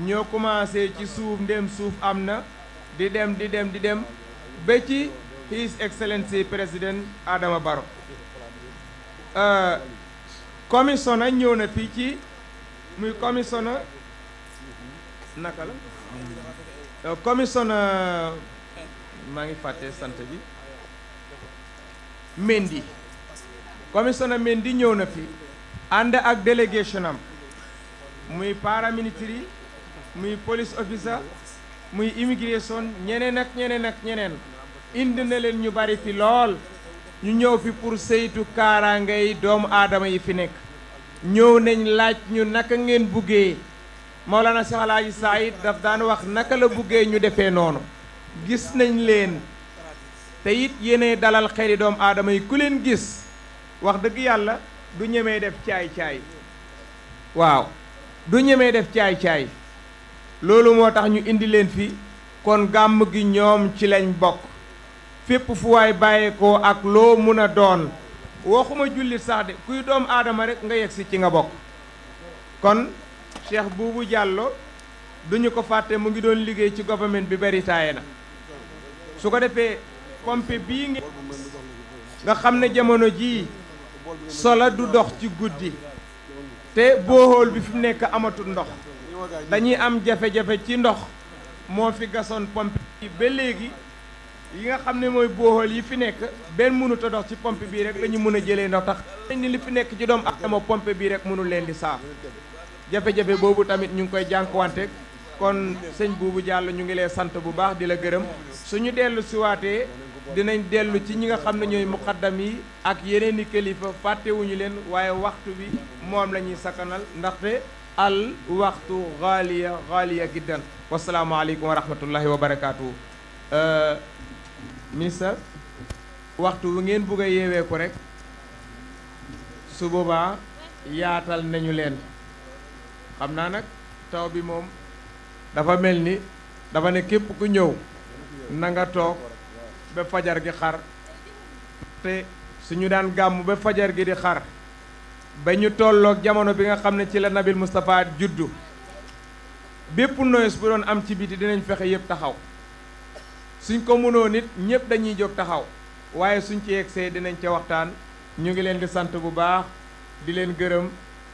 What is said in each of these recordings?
ñoo commencé ci suuf ndem suuf am na di dem di dem di dem ba ci His Excellency président aadama baro euh, commissioner ñëw na fii ci muy commissioner naka la euh, commissioner maa ngi fàtte sant bi Mendy commissioner Mendy ñëw na fi ànd ak délégation am muy paraministres muy police officer muy immigration ñeneen ak ñeneen ak ñeneen indi na leen ñu bari fi lool ñu ñëw fi pour saytu kaaraangay doomu aadama yi fi nekk ñëw nañ laaj ñu naka ngeen buggee Maolana Cheikh Alaaji Saïd daf daan wax naka la buggee ñu defee noonu gis nañ leen te it yéene dalal xeli doomu aadama yi ku leen gis wax dëgg yàlla du ñemee def caay-caay waaw du ñemee def caay-caay loolu moo tax ñu indi leen fi kon gàmm gi ñoom ci lañ bokk fépp fu waay bàyyeekoo ak loo mën a doon waxuma jullit sax de kuy doom aadama rek nga yegsi ci nga bokk kon Cheikh Boubou jàlloo duñu ko fàtte mu ngi doon liggéey ci gouvernement bi beritaaye na su ko defee pompe bii nga xam ne jamono jii sola du dox ci guddi te boohool bi fi mu nekk amatul ndox dañuy am jafe-jafe ci ndox moo fi gasoon pompe yi ba léegi yi nga xam ne mooy booxal yi fi nekk benn mënut dox ci pompe bii rek la ñu mën a jëlee ndox tax ni li fi nekk ci doom doomu aadama pompe bii rek mënul leen di saaf jafe-jafe boobu tamit ñu ngi koy jànkuwante kon sëñ Boubou Diallo ñu ngi lay sant bu baax di la gërëm su suñu dellu siwaatee dinañ dellu ci ñi nga xam ne ñooy muqaddam yi ak yeneen i kilifa fàttewuñu leen waaye waxtu bi moom la ñuy sakkanal ndaxte al waktu galia galia giddan Wassalamualaikum warahmatullahi wabarakatuh. wa barakaatu. Eh, ministre waktu wu ngeen bugg a yeewee ko rek su boobaa yaatal nañu leen xam naa taw bi mom dafa mel ni dafa ne ku na fajar gi xar te suñu daan gàmm fajar gi di xar. ba ñu tollook jamono bi nga xam ne ci la nabil Moustapha juddu bépp noyes bu doon am ci biti dinañ fexe yëpp taxaw suñ ko mënoo nit ñëpp dañuy jóg taxaw waaye suñ ci yegsee dinañ ca waxtaan ñu ngi leen di sant bu baax di leen gërëm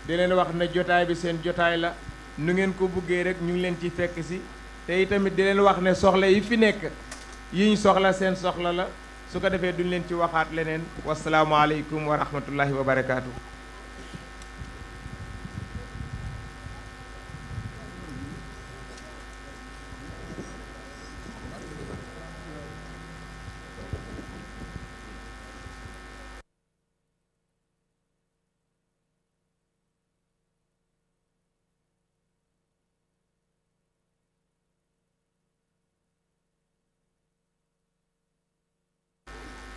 di leen wax ne jotaay bi seen jotaay la nu ngeen ko buggee rek ñu ngi leen ci fekk si te itamit di leen wax ne soxla yi fi nekk yiñ soxla seen soxla la su ko defee duñ leen ci waxaat leneen wasalaamualeykum wa rahmatullahi wa barakaatu.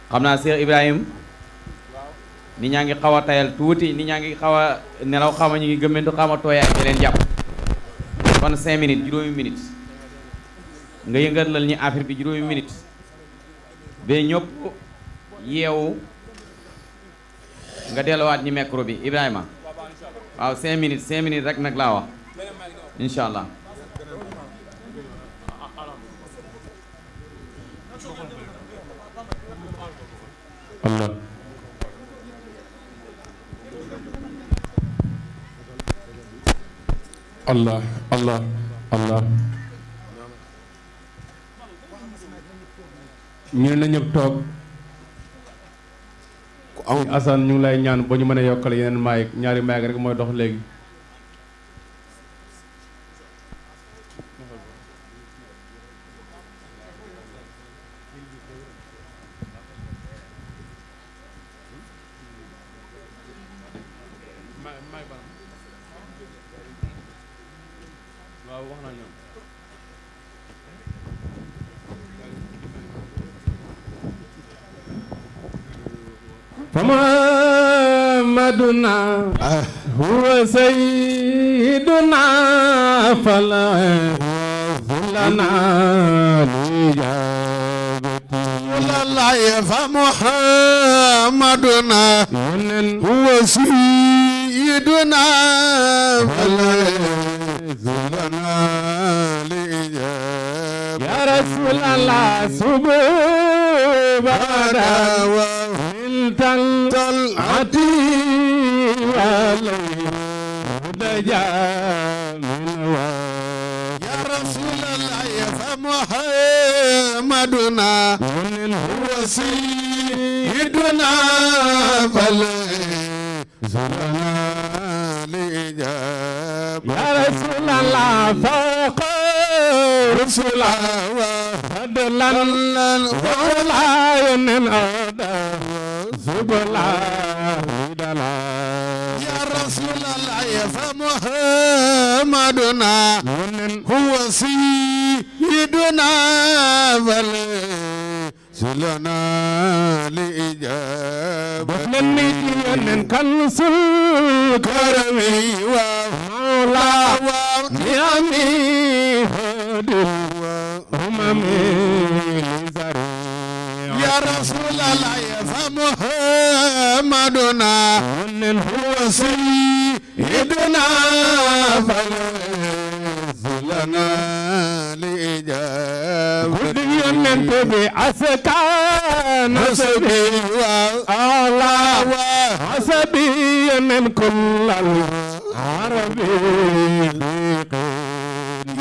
xam naa Cheikh Ibrahim ni ñaa ngi xaw a tayal tuuti nit ñaa ngi xaw a nelaw xama ñu ngi gëmmentu xama tooyaay di leen jàpp kon cinq minutes juróomi minutes nga yëngalal ñu affaire bi juróomi minutes ba ñëpp yeewu nga delluwaat ñi micro bi Ibrahima waaw cinq minutes cinq minutes rek nag laa wax incha allah am na allah allah allah ñu ne ñëpp toog ku am asan ñu ngi lay ñaan ba ñu mën a yokkal yeneen maayik ñaari maayik rek mooy dox léegi فمحمدنا هو سيدنا فلا لنا لله فمحمدنا هو سيدنا فلا لنا يا رسول الله سبحانه تل تل عتي علي ودجا من يا رسول الله فمحمدنا من هو سيدنا فلي زرنا لجاب يا رسول الله فوق رسول الله فضلا ولا ينن أداه محمدنا هو سيدنا فلسلنا لإجابة من كنس الكرم ومولا ونعمه هدوى أممي رسول الله فمحمدنا من هو سيدنا فليس لنا لإجابة من بأسكان نسبي وآلا وحسبي من كل العربي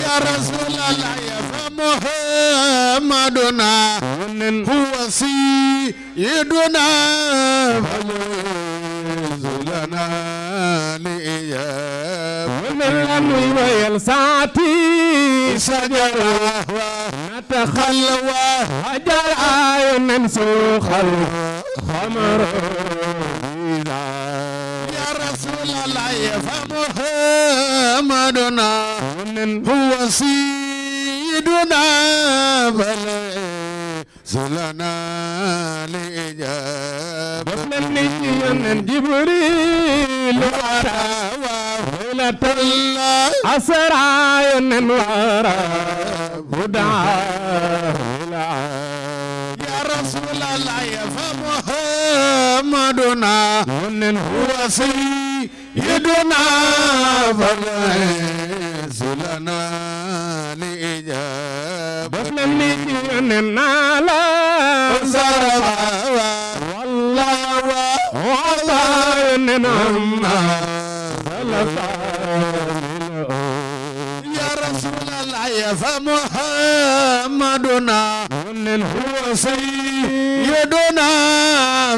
يا رسول الله يا محمدنا هو سيدنا فليز لنا لإياه ومن الأمر والساعة شجرة نتخلوى هجر آي منسوخ الخمر يا رسول الله فمحمدنا هو سي سيدنا فليز زلنا لإجابة بطلني من جبريل ورا وهلة الله أسرع ورا ودعا يا رسول الله يا فمحمدنا من هو سيدنا فليس لنا def na ni ne naa la saraba walla walla ne naa la ya rasulallah fa muhammaduna nen huwa sayyiduna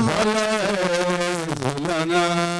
fa lana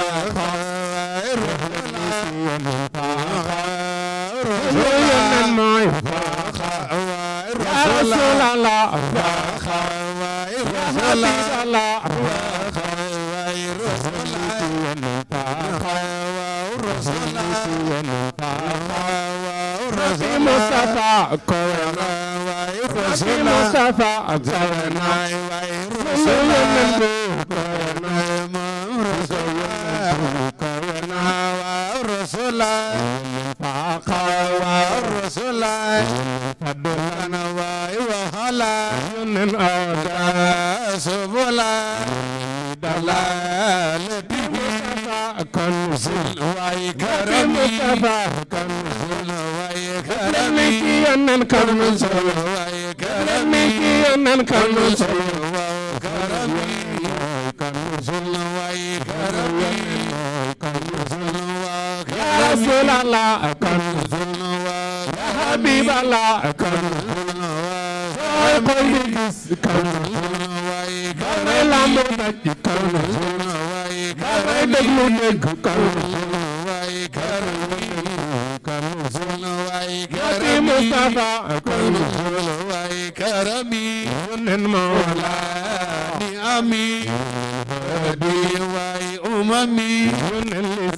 رسول الله وخير رسول الله وخير رسول وخير رسول وخير مصطفى كرم وخير مصطفى كرم وخير رسول من الرسل فاقوى الرسل فدلنا ويوهلا من أودا سبلا دلال مصطفى كنزل ويكرم مصطفى كنزل ويكرمك أنن كنزل ويكرمك أنن كنزل ويكرمك كنزل ويكرمك رسول الله كنز النوار يا حبيب الله كنز النوار كل جس كنز النوار كم لامو نج كنز النوار كم دبلو نج كنز النوار كنز النوار يا مصطفى كنز النوار كرمي من مولا نعمي بدي واي أممي من اللي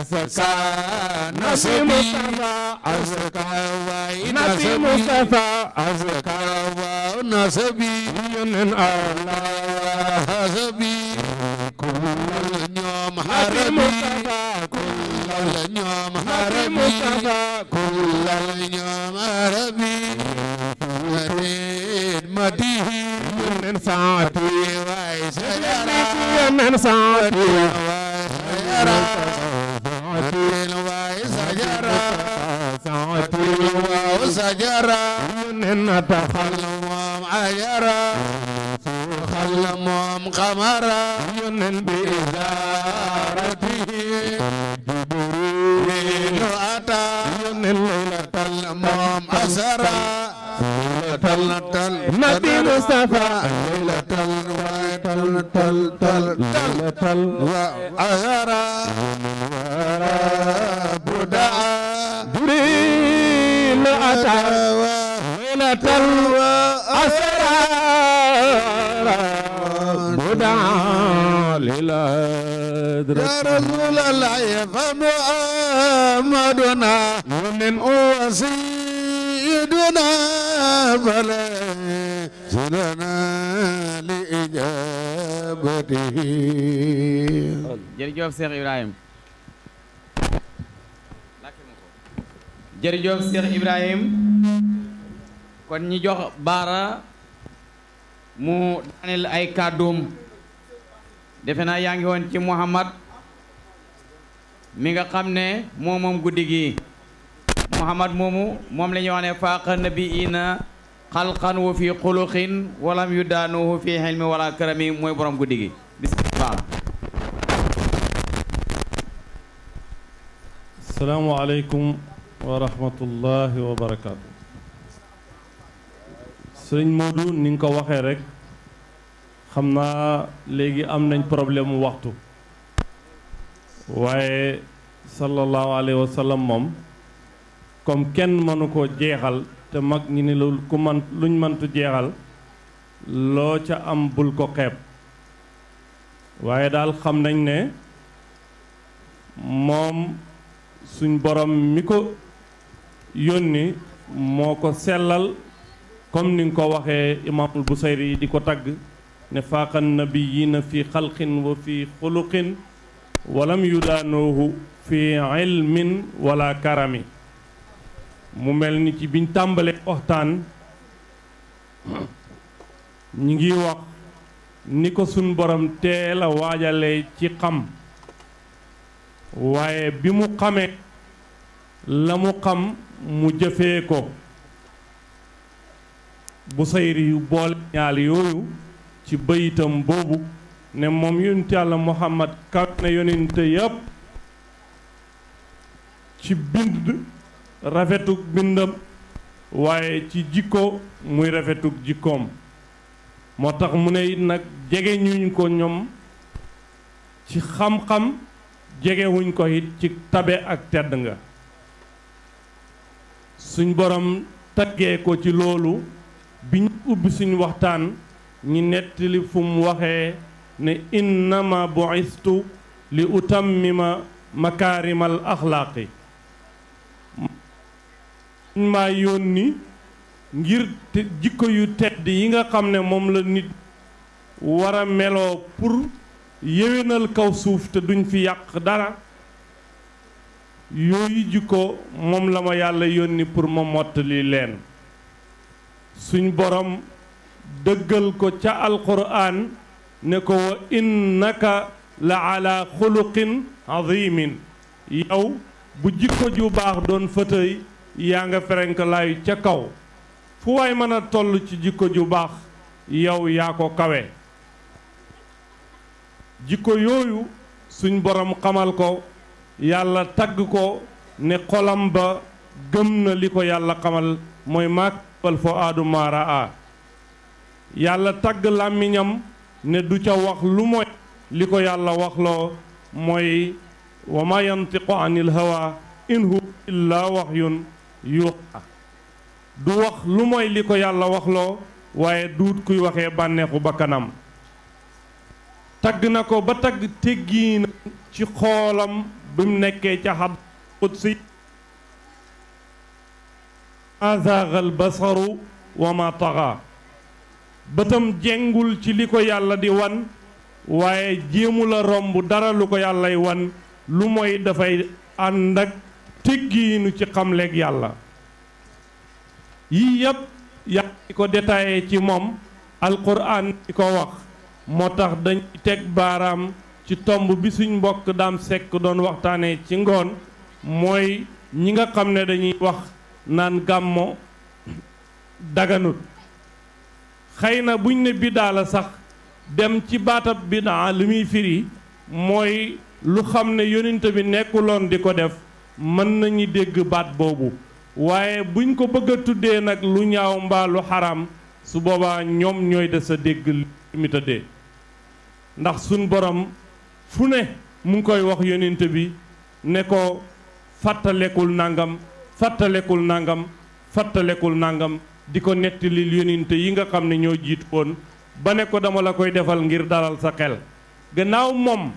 أزكى نبي مصطفى أزكى نبي مصطفى أزكى ونسبي من الله حسبي كل يوم حرمي كل يوم حرمي كل يوم حرمي مديه من ساعتي وعيش من ساعتي وعيش أجرا ومنهن تخلوهم أجرا خلمهم قمرا ومنهن بإزارته جبريل أتى ومنهن ليلة المهم أسرا تل تل نبي مصطفى ليلة تل تل تل تل تل تل يا رسول الله فمؤمدنا من وسيدنا فلسلنا لإجابته jërëjëf Cheikh Ibrahim jërëjëf Cheikh Ibrahim kon ñi jox bara mu Daniel ay kàdduum defena naa won ci Muhammad mi nga xamne ne Muhammad moomu moom la ñuy wax wa fi xuluqin walam lam yudanuhu fi hilmi wala karami moy borom guddigi bismillah bismillah alaykum warahmatullahi wa serigne Modou ni nga waxe rek xamna legui am nañ problème waxtu waye sallallahu alaihi wasallam mom, comme kenn manuko jéxal te mag ñi ne lu ku man luñ tu jéxal lo ca am bul ko xeeb waye dal xam nañ ne mom suñ borom miko yónni moo ko sellal comme ni nga ko waxee imaamul Busayri di ko tagg ne faaqan na fi xalqin wa fi xuluqin walam yudaanoohu fi ilmin wala karami mu mel ni ci biñ tàmbali waxtaan ñi ngi wax ni ko suñ borom teel a waajale ci xam waaye bi mu xamee la mu xam mu jëfe ko bu sayri yu boole ñaal yooyu ci bayitam boobu ne moom yonent yàlla muhammad kaw na yonent yépp ci bind rafetuk bindam waaye ci jikko muy rafetuk jikkoom moo tax mu ne it nag jege ñuñ ko ñoom ci xam-xam jegewuñ ko it ci tabe ak tedd nga suñ borom taggee ko ci loolu bi ñu ubbi suñ waxtaan ñi nettali fum waxe ne ne innama bu'istu li utammima makaarimal axlaaqi maa yónni ngir te jikko yu tedd yi nga xam ne moom la nit wara meloo pour yéwénal kaw suuf te duñ fi yàq dara yooyu jikko moom la ma yàlla yónni pour ma mottali leen suñ borom dëggal ko ca alquran ne ko wa innaka la ala xuluqin azimin yow bu jikko ju baax doon fëtëy yaa nga ferenk laayu ca kaw fu waay mën a toll ci jikko ju baax yow yaa ko kawe jikko yooyu suñ borom xamal ko yàlla tagg ko ne xoolam ba gëm na li ko yàlla xamal mooy maakal fo aadu maara a yàlla tagg làmmiñam ne du ca wax lu mooy li ko yàlla waxloo mooy wa ma yantiqu anil hawa in huwa illa yuuxa du wax lu mooy li ko yàlla waxloo waaye duut kuy waxee bànneexu bakkanam tagg na ko ba tagg teggiina ci xoolam bi mu nekkee ca xab qudsi azaagal basaru wa ma bëtam jengul ci li ko yàlla di wan waaye jéemu la romb dara lu ko yàllay wan lu mooy dafay ànd ak teggiinu ci xamleeg yàlla yii yépp yàlla di ko détaillé ci moom alquran di ko wax moo tax dañuy teg baaraam ci tomb bi suñ mbokk daam sekk doon waxtaanee ci ngoon mooy ñi nga xam ne dañuy wax naan gàmmo daganut xëy na buñ ne bidaa la sax dem ci baatab bidaa li muy firi mooy lu xam ne yonent bi nekkuloon di ko def mën nañu dégg baat boobu waaye buñ ko bëgg a tuddee nag lu ñaaw mbaalu lu xaraam su booba ñoom ñooy des a dégg li ndax suñ borom fu ne mu ngi koy wax yonent bi ne ko fàttalekul nangam fàttalekul nangam fàttalekul nangam di ko nettali yonent yi nga xam ne ñoo jiit woon ba ne ko dama la koy defal ngir dalal sa xel gannaaw moom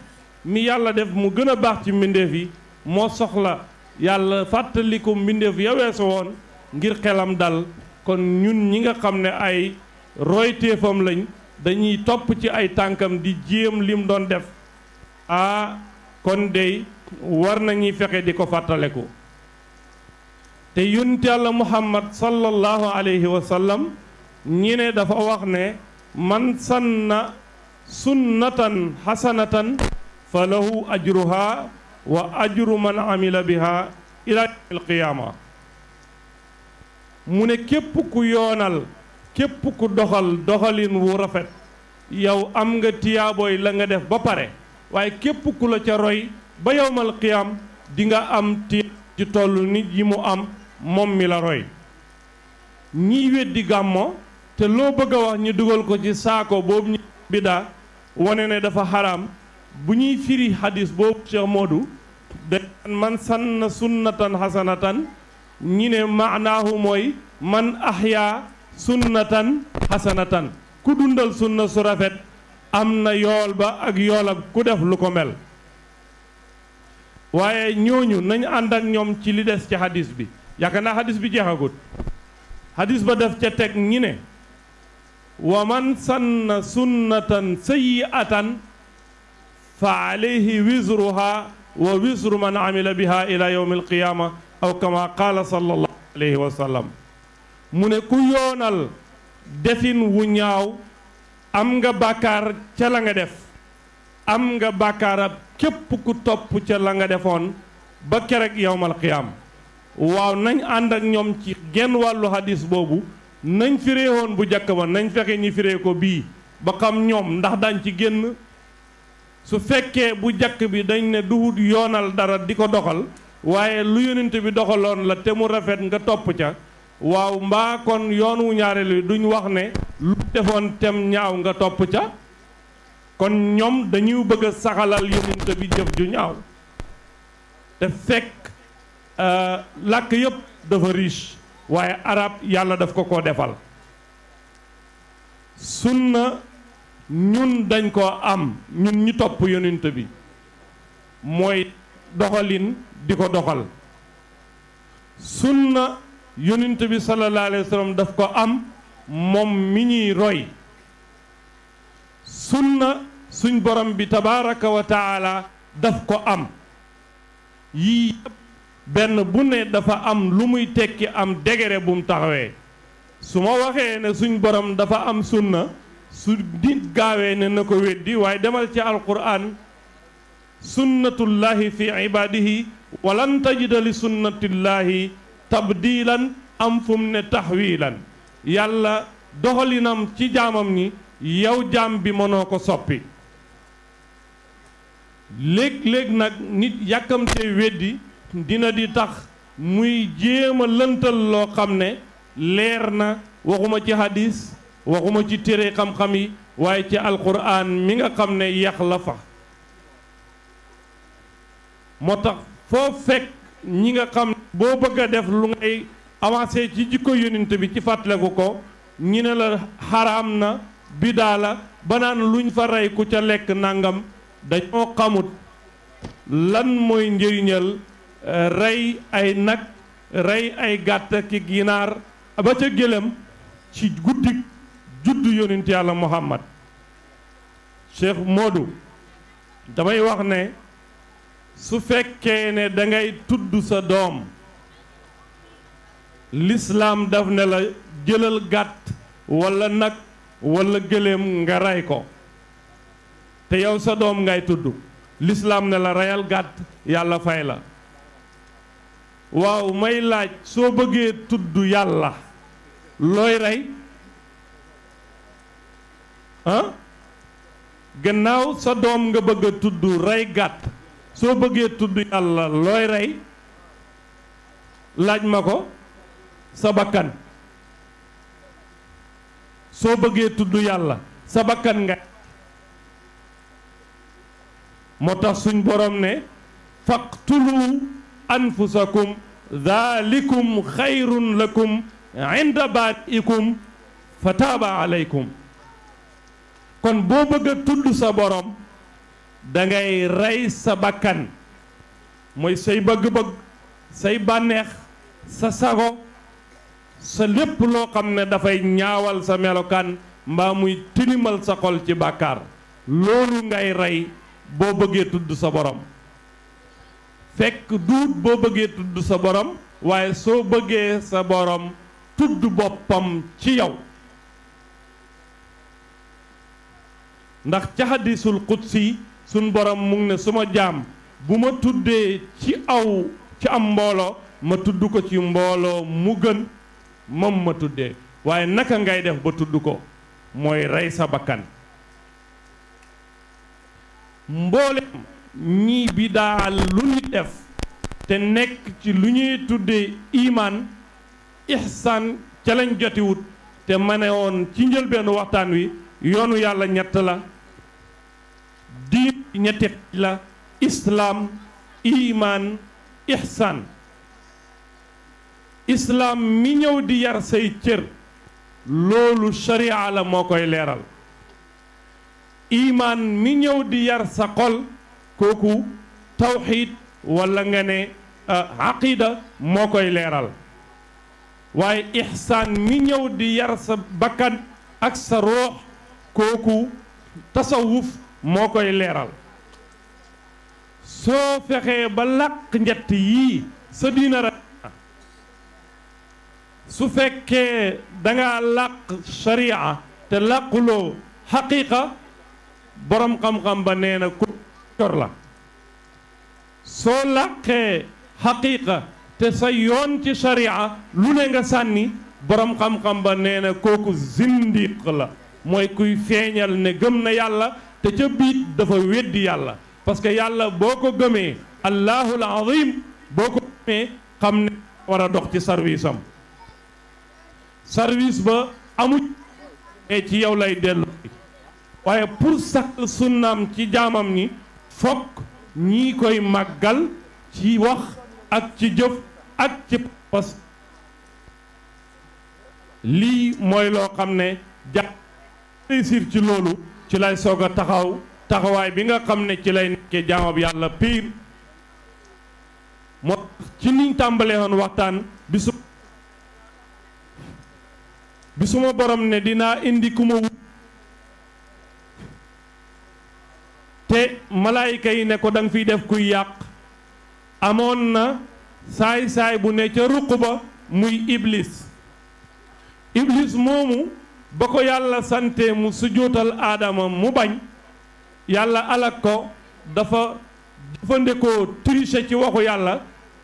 mi yàlla def mu gën a baax ci mbindeef yi moo soxla yàlla fàttaliku mbindeef ya weesu woon ngir xelam dal kon ñun ñi nga xam ne ay royteefam lañ dañuy topp ci ay tànkam di jéem lim doon def ah kon dey war nañuy fexe di ko fàttaleku te yonent yàlla muhammad sallallahu alayhi wa ñi ne dafa wax ne man sanna sunnatan hasanatan fa lahu ajruha wa ajru man amila biha ila yawmil qiyaama mu ne képp ku yoonal képp ku doxal doxalin wu rafet yow am nga tiyaabooy la nga def ba pare waaye képp ku la ca roy ba yowmal qiyaam di am tiyaab ci toll nit yi mu am moom mi la roy ñiy weddi gàmmo te loo bëgg a wax ñu dugal ko ci saako boobu ñu biddaa wane ne dafa xaram bu ñuy firi xadis boobu Cheikh Modou da man sanna sunnatan xasanatan ñi ne maanaahu mooy man ahyaa sunnatan xasanatan ku dundal sunna su rafet amna yol ba ak yoolab ku def lu ko mel waye ñooñu nañ ànd ak ñom ci li dess ci hadith bi yakana hadith bi jeexagut hadith ba def ci tek ñi ne wa man sanna sunnatan sayyatan fa alayhi wizruha wa wizru man amila biha ila yawmi alqiyama aw kama qala sallallahu alayhi wa sallam mu ne ku yonal defin wu ñaaw am nga bàkkaar ca la nga def am nga bàkkaarab képp ku topp ca la nga defoon ba kerek yowmal qiyaam waaw nañ ànd ak ñoom ci genn wàllu hadis boobu nañ firee woon bu jàkk ba nañ fexe ñi firee ko bii ba xam ñoom ndax dañ ci génn su fekkee bu jàkk bi dañ ne duhut yoonal dara di ko doxal waaye lu yonent bi doxaloon la te mu rafet nga topp ca waaw mbaa kon yoon wu yoonu ñaareelu duñ wax ne lu defoon tem ñaaw nga topp ca kon ñoom dañuy bëgg a saxalal yonent bi jëf ju ñaaw te fekk euh, làkk yépp dafa riche waaye arab yàlla daf ko ko defal sun na ñun dañ ko am ñun ñu topp yonent bi mooy doxalin di ko doxal sunna يونت بي صلى الله عليه وسلم داف كو ام موم ميني روي سنة سن برم بي تبارك وتعالى داف كو ام يي بن بو ني دافا ام لوموي تيكي ام ديغري بوم تاخوي سوما واخي ن سن برم دافا ام سنة سو دين گاوي ن نكو ويدي واي دمال سي القران سنة الله في عباده ولن تجد لسنة الله tabdiilan am fu tax ne taxwiilan yàlla doxalinam ci jaamam ni yow jaam bi mënoo ko soppi léeg-léeg nag nit yàkkamtee weddi dina di tax muy jéema a lëntal loo xam ne leer na waxuma ci hadis waxuma ci téere xam-xam yi waaye ci alquran mi nga xam ne yax la fa moo tax foo fekk ñi nga xam boo bëgg def lu ngay avancé ci jikko yonent bi ci fàttaliku ko ñi ne la xaraam na bidaa banaan ba naan luñ fa rey ku ca lekk nangam dañoo xamut lan mooy njëriñal eh, rey ay nag rey ay gàtt ki ginaar ba ca gëlëm ci guddik juddu yonent yàlla muhammad Cheikh Modou damay wax ne su fekkee ne dangay tudd sa doom lislaam daf ne la jëlal gàtt walla nag walla gëléem nga rey ko te yow sa doom ngay tudd lislaam ne la reyal gàtt yàlla fay la waaw may laaj soo bëggee tudd yàlla looy rey gannaaw sa doom nga bëgga a tudd rey gàtt soo bëggee tudd yàlla looy rey laaj ma ko sa bakkan soo bëggee tudd yàlla sa bakkan nga moo tax suñ borom ne faqtulu anfusakum dhalikum xayrun lakum inda baatikum fa taaba aleykum kon boo bëgg tudd sa borom da ngay sebakan, sa bakkan moy say bëgg-bëgg say banex sa sago sa lepp lo xamne da fay ñaawal sa melokan mba muy tinimal sa xol ci bàkkaar lolu ngay ray bo bëgge tudd sa borom fekk duut bo bëgge tudd sa borom waye so bëgge sa borom tudd bopam ci yow ndax ci hadithul qudsi suñ borom mu ngi ne suma jaam bu ma tuddee ci aw ci am mbooloo ma tudd ko ci mbooloo mu gën moom ma tuddee waaye naka ngay def ba tudd ko mooy rey sa bakkan mboolem ñii bi daal lu ñu def te nekk ci lu ñuy tuddee imaan ihsaan ca jotiwut te ma ne woon ci njëlbeenu waxtaan wi yoonu yàlla ñett la diin ñetti la islam iman ihsan islam mi ñew di yar say cër lolu sharia la mo koy leral iman mi ñew di yar sa xol koku tawhid wala nga ne aqida mo koy leral waye ihsan mi ñew di yar sa bakkan ak sa roh koku tasawuf moo koy leeral soo fexee ba làq njett yii sa diina ra su fekkee danga làq sharia te làquloo xaqiiqa boroom xam-xam ba nee na ku cor la soo làqee xaqiiqa te sa yoon ci sharia lu ne nga sànni boroom xam-xam ba nee na kooku zindiq la mooy kuy feeñal ne gëm na yàlla te ca biit dafa weddi yàlla parce que yàlla boo ko gëmee allahul azim boo ko gëmee xam ne war a dox ci service am service ba amuj e ci yow lay dellu waaye pour sàkk sunnaam ci jaamam ñi fokk ñi koy màggal ci wax ak ci jëf ak ci pas lii mooy loo xam ne ja réussir ci loolu ci lay soog a taxaw taxawaay bi nga xam ne ci lay nekkee jaamab yàlla piir moo ci niñ tàmbalee woon waxtaan bi su bi suma borom ne dinaa indi ku ma wut te malaayika yi ne ko danga fiy def kuy yàq amoon na saay-saay bu ne ca ruq ba muy iblis iblis moomu ba ko yàlla sante mu sujjóotal aadama mu bañ yàlla alak ko dafa jëfandikoo tricher ci waxu yàlla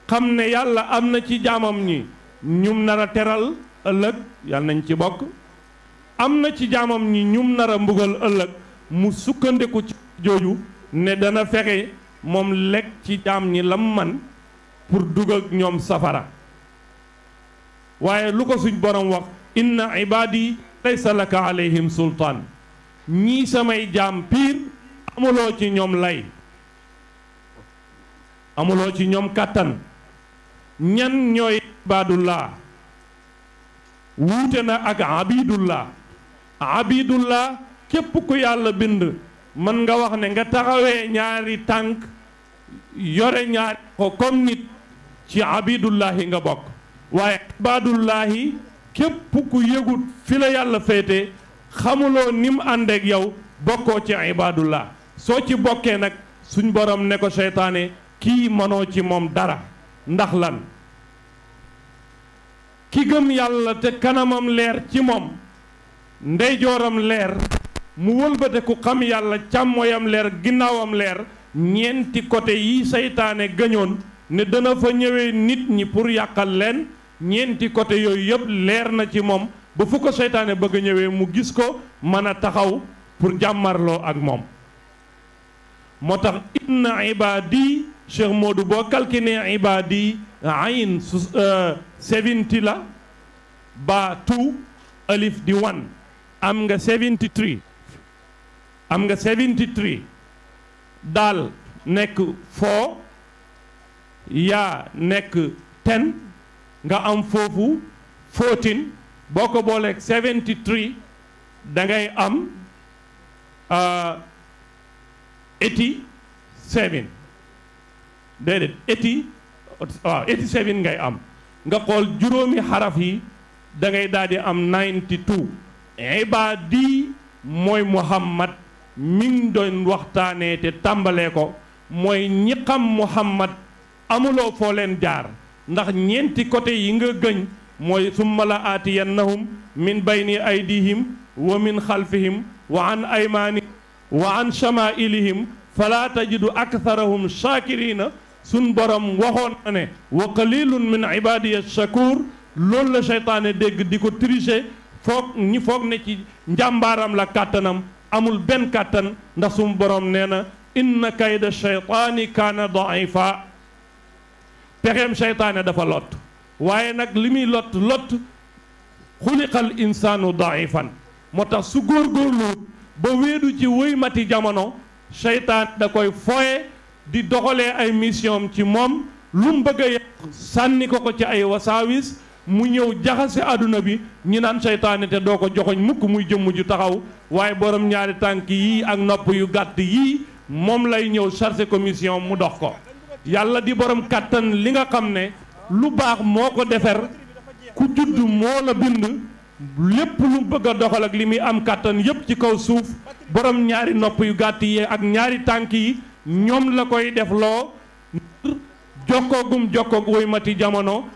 xam ne yàlla am na ci jaamam ñi ñum nar a teral ëllëg yàlla nañ ci bokk am na ci jaamam ñi ñum nar a mbugal ëllëg mu sukkandiku ci jooju ne dana fexe moom lekk ci jaam ñi lam man pour dugg ñoom safara waaye lu ko suñ borom wax inna ibaadi laysa laka alayhim sultaan samay jaam piir ci ñoom lay amuloo ci ñoom kàttan ñan ñooy ibaadullah wuute na ak abidullah abidullah képp ku yàlla bind mën nga wax ne nga taxawee ñaari tànk yore ñaari ko comme nit ci abidullahi nga bokk waaye ibaadullahi képp ku yëgut fi la yàlla féete xamuloo ni mu àndeek yow bokkoo ci ibaadullah soo ci bokkee nag suñ borom ne ko seytaane kii mënoo ci moom dara ndax lan ki gëm yàlla te kanamam leer ci moom ndeyjooram leer mu wëlbate ku xam yàlla càmmooyam leer ginnaawam leer ñeenti côté yi seytaane gañoon ne dana fa ñëwee nit ñi pour yàqal leen ñeenti côté yooyu yëpp leer na ci moom ba fu ko seytaane bëgg ñëwee mu gis ko mën a taxaw pour jàmmarloo ak moom moo tax na inna ibadi cheikh Modou boo kalkine di ayn su euh, seventy la ba two alif di wan am nga seventy three am nga seventy three daal nekk four yaa nekk ten nga am foofu 14 boo ko booleek 73 da dangay am uh, eighty seven déedéet eighty waaw eighty ngay am nga xool juróomi xaraf yi da ngay daal di am ninety two ibaadi mooy muhammad mi doon waxtaanee te tàmbalee ko mooy ñi xam muhammad amuloo foo leen jaar ndax ñenti côté yi nga gëñ moy summa la atiyannahum min bayni aydihim wa min khalfihim wa an aymani wa an shama'ilihim fala tajidu aktharahum shakirina sun borom waxon ne wa qalilun min ibadiy ash shakur lol la shaytan dégg diko tricher fok ñi fok ne ci njambaram la katanam amul ben katan ndax sun borom neena inna kayda ash-shaytan kana daifa pexeem seytaane dafa lott waaye nag li muy lott lott xuliqal insaanu fan moo tax su góorgóorlu ba wéedu ci wëy jamono seytaane da koy foye di doxalee ay mission ci moom lu mu bëgg a yàq sànni ko ko ci ay wasaawis mu ñëw jaxase àdduna bi ñu naan seytaane te doo ko joxoñ mukk muy jëmm ju taxaw waaye borom ñaari tànk yi ak nopp yu gàtt yii moom lay ñëw chargé commission mu dox ko yàlla di borom kàttan li nga xam ne lu baax moo ko defar ku judd moo la bind lépp lu bëgg a doxal ak li muy am kàttan yépp ci kaw suuf boroom ñaari nopp yu gàtt yi ak ñaari tànk yi ñoom la koy def loo jokkoogum jokkoog woy jamono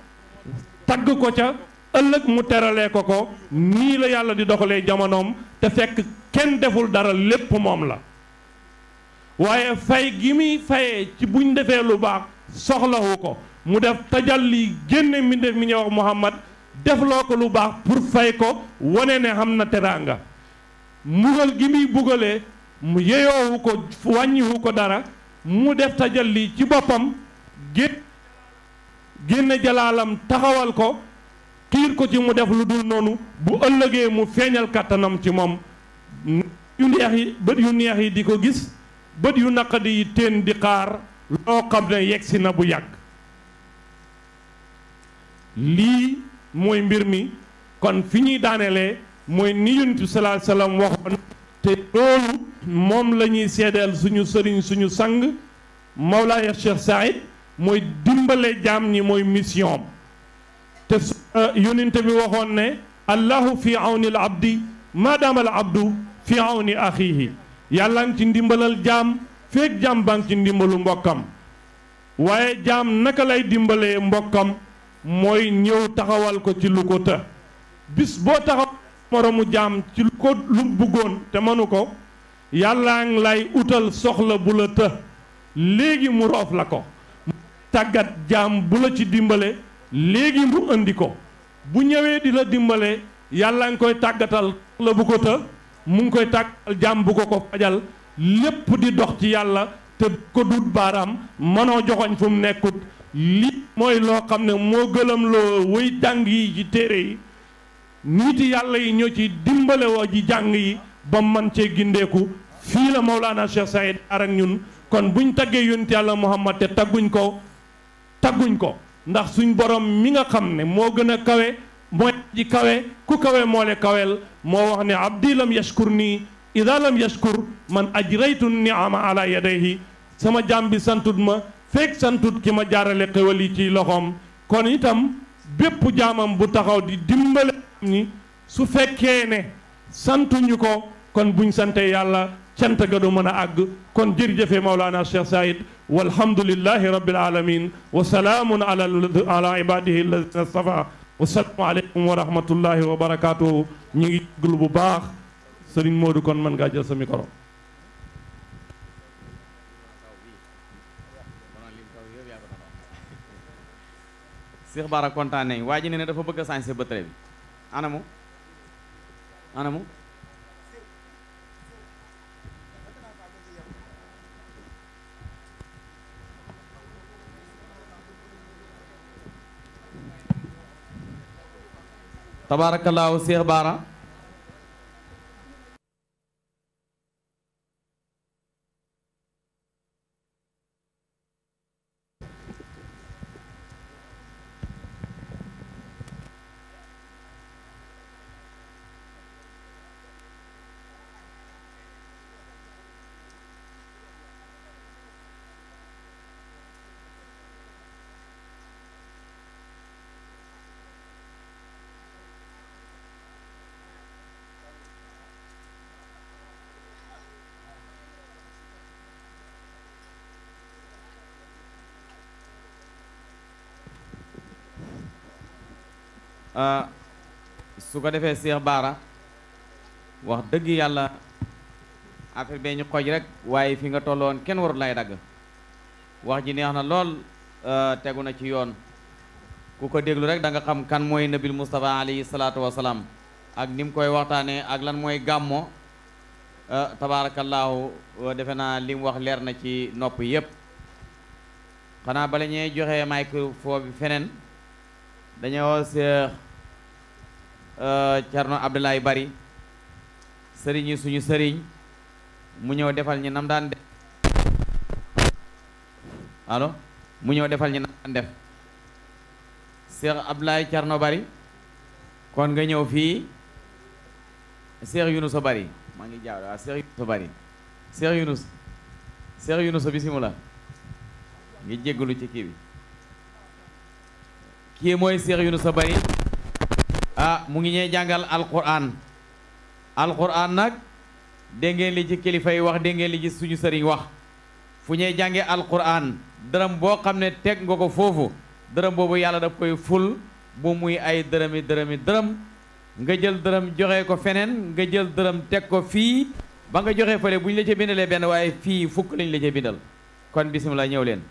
tagg ko ca ëllëg mu teralee ko ko nii la yàlla di doxalee jamonoom te fekk kenn deful dara lépp moom la waaye fay gi muy fayee ci buñ defee lu baax soxlawu ko mu def tajalli génne mbind mi ñuy wax Muhammad defloo ko lu baax pour fay ko wane ne xam na teraanga mbugal gi muy bugalee mu yeyoowu ko wàññiwu ko dara mu def tajal li ci boppam gét génne jalaalam taxawal ko xiir ko ci mu def lu dul noonu bu ëllëgee mu feeñal kàttanam ci moom yu bët yu neex yi di ko gis bët yu naqadi yi teen di xaar loo xam ne yegsi na bu yàgg lii mooy mbir mi kon fi ñuy daanelee mooy ni Yonent bi waxoon te moom la ñuy seedeel suñu suñu sang Mawlaaya Cheikh Saïd mooy dimbale jaam mooy mission te euh, bi waxoon ne allahu fi al abdi maadaama abdu fi axiihi yàlla ci ndimbalal jaam feeg jaam ci ndimbalu mbokkam waaye jaam naka lay dimbalee mbokkam mooy ñëw taxawal ko ci lu ko të bis boo taxaw moromu jaam ci lu ko lu bëggoon te mënu ko yàlla lay utal soxla bu la të léegi mu roof la ko tàggat jaam bu la ci dimbale léegi mu indi ko bu ñëwee di la dimbale yàlla ngi koy tàggatal la bu ko të mu ngi koy tàkk jaam bu ko ko fajal lépp di dox ci yàlla te ko duut baaraam mënoo joxoñ fu mu nekkut lii mooy loo xam ne moo gëlam loo woy jàng yi ji téere yi niti yàlla yi ñoo ci dimbalewoo ji jàng yi ba man cee gindeeku fii la Mawlana Cheikh Saïd arak ñun kon buñ taggee yonent yàlla Muhammad te tagguñ ko tagguñ ko ndax suñ borom mi nga xam ne moo gën a kawe mooy ji kawe ku kawe moo le kawel moo wax ne abdi lam yashkur nii ida lam yashkur man ajraytu niama ala yadayhi sama jaam bi santut ma fekk santut ki ma jaarale xewal yi ci loxoom kon itam bépp jaamam bu taxaw di dimbale ni su fekkee ne santuñu ko kon buñ sante yàlla cant ga du mën a àgg kon jërëjëfe Mawlana Cheikh Saïd walhamdulillahi rabbil alamin wa salaamun ala ala ibadihi alladina stafa wasalaamaaleykum wa rahmatullahi wa barakaatu ñu ngi gul bu baax sëriñ Modou kon mën ngaa jël sa micro. Cheikh Bara kontaan nañ waa ji ne dafa bëgg a sañse bëtëre bi anamu anamu tabaarakallaahu Cheikh Baara Ah, su ko defee Cheikh baara wax dëgg yàlla affaire bee ñu xooj rek waaye fi nga tolloon kenn warul lay dagg wax ji neex na lool ah, tegu na ci yoon ku ko déglu rek danga xam kan mooy nabil Moustapha alayhi salaatu wasalaam ak nim koy waxtaanee ak lan mooy gàmmo ah, tabaarakallaahu defe naa li wax leer na ci nopp yépp xanaa bala ñuy joxe microphone bi feneen dañoo seex Thierno euh, Abdoulaye Bari sëriñ yi suñu sëriñ mu ñëw defal ñi nam daan def allo mu ñëw defal ñi nam daan def seex Abdoulaye Thierno Bari kon nga ñëw fii seex Yunus Bari maa ngi jaaw waaw seex Yunus Bari seex Yunus seex Yunus la ngi jéggalu ci kii bi ki moy Cheikh Yunus a bari ah mu ngi ñey jangal alquran alquran nak, de ngeen li ci kilifa yi wax de ngeen li ci suñu sëriñ wax fu ñey jàngee alquran deram bo xam tek nga ko fofu deram bobu yalla daf koy ful bu muy ay dërëmi dërëmi deram nga jël deram joxe ko fenen nga jël deram tek ko fi ba nga joxe fele buñ la ci bindalee ben way fi fuk lañ la ci bindal kon bismillah ñew leen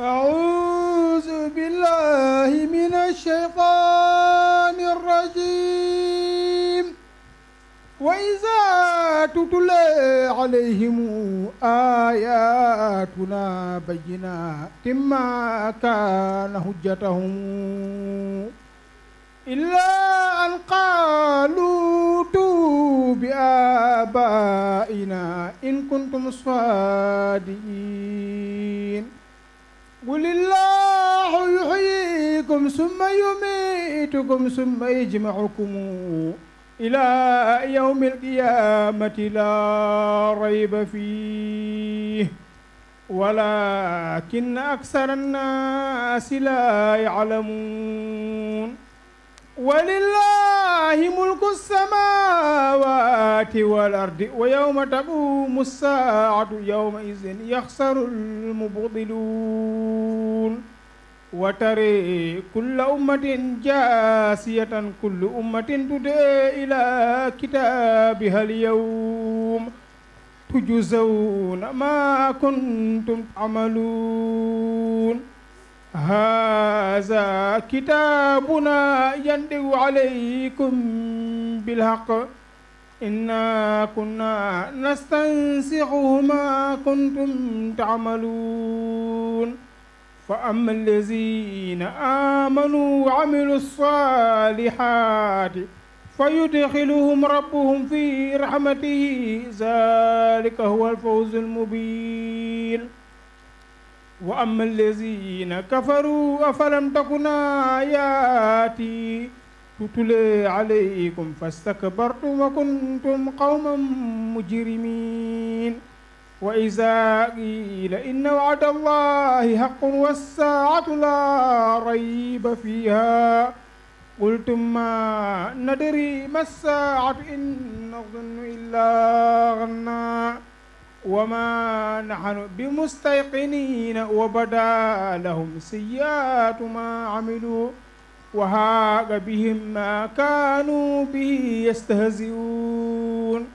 أعوذ بالله من الشيطان الرجيم وإذا تتلى عليهم آياتنا بينات ما كان حجتهم إلا أن قالوا بآبائنا إن كنتم صادقين قل الله يحييكم ثم يميتكم ثم يجمعكم إلى يوم القيامة لا ريب فيه ولكن أكثر الناس لا يعلمون ولله السماوات والأرض ويوم تقوم الساعة يومئذ يخسر المبطلون وترى كل أمة جاسية كل أمة تدعى إلى كتابها اليوم تجزون ما كنتم تعملون هذا كتابنا يندو عليكم بالحق إنا كنا نستنسخ ما كنتم تعملون فأما الذين آمنوا وعملوا الصالحات فيدخلهم ربهم في رحمته ذلك هو الفوز المبين وأما الذين كفروا أفلم تكن آياتي تتلي عليكم فاستكبرتم وكنتم قوما مجرمين وإذا قيل إن وعد الله حق والساعة لا ريب فيها قلتم ما ندري ما الساعة إن نظن إلا غنى وما نحن بمستيقنين وبدا لهم سيئات ما عملوا وهاق بهم ما كانوا به يستهزئون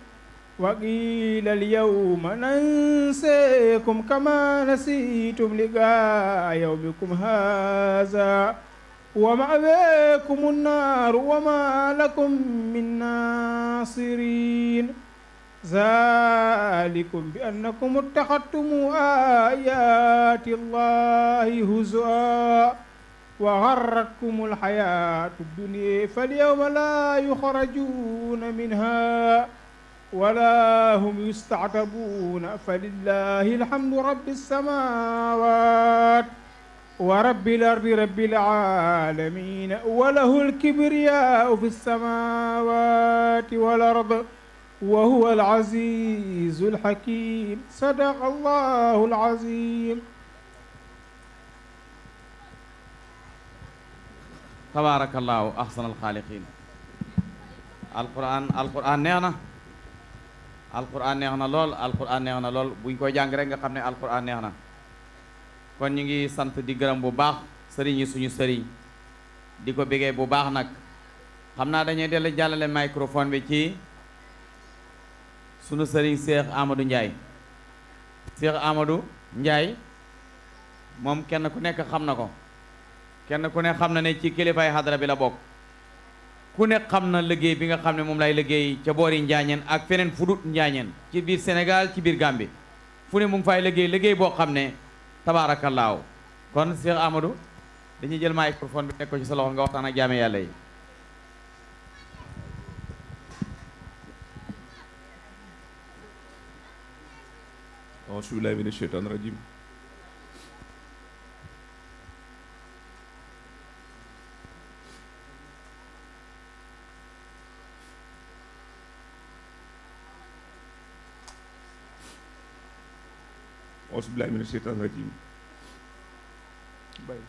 وقيل اليوم ننسيكم كما نسيتم لقاء يومكم هذا ومأويكم النار وما لكم من ناصرين ذلكم بأنكم اتخذتم آيات الله هزؤا وغرتكم الحياة الدنيا فاليوم لا يخرجون منها ولا هم يستعتبون فلله الحمد رب السماوات ورب الأرض رب العالمين وله الكبرياء في السماوات والأرض وهو العزيز الحكيم صدق الله العظيم tabaarakallaahu ahsanal xaaliqiin alquran alquran neex na alquran neex na lool alquran neex na lool buñ koy jàng rek nga xam ne alquran neex na kon ñu ngi sant di gërëm bu baax sëriñ suñu sëriñ di ko bégee bu baax nag xam naa dañuy dellu jàllale microphone bi ci sunu sëriñ Cheikh amadu Ndiaye Cheikh Amadou njaay moom kenn ku nekk xam na ko kenn ku ne xam na ne ci kilifaay xadara bi la bokk ku nekk xam na liggéey bi nga xam ne moom lay liggéey ca boori njaañeen ak feneen fudut njaañeen ci biir Sénégal ci biir bi fu ne mu fay liggéey liggéey boo xam ne tabaarakallaahu kon Cheikh Amadou dañuy jël microphone bi nekk ko ci sa loxo nga waxtaan ak jaame yàlla yi Auzubillahi minashaitanir rajim. Baik.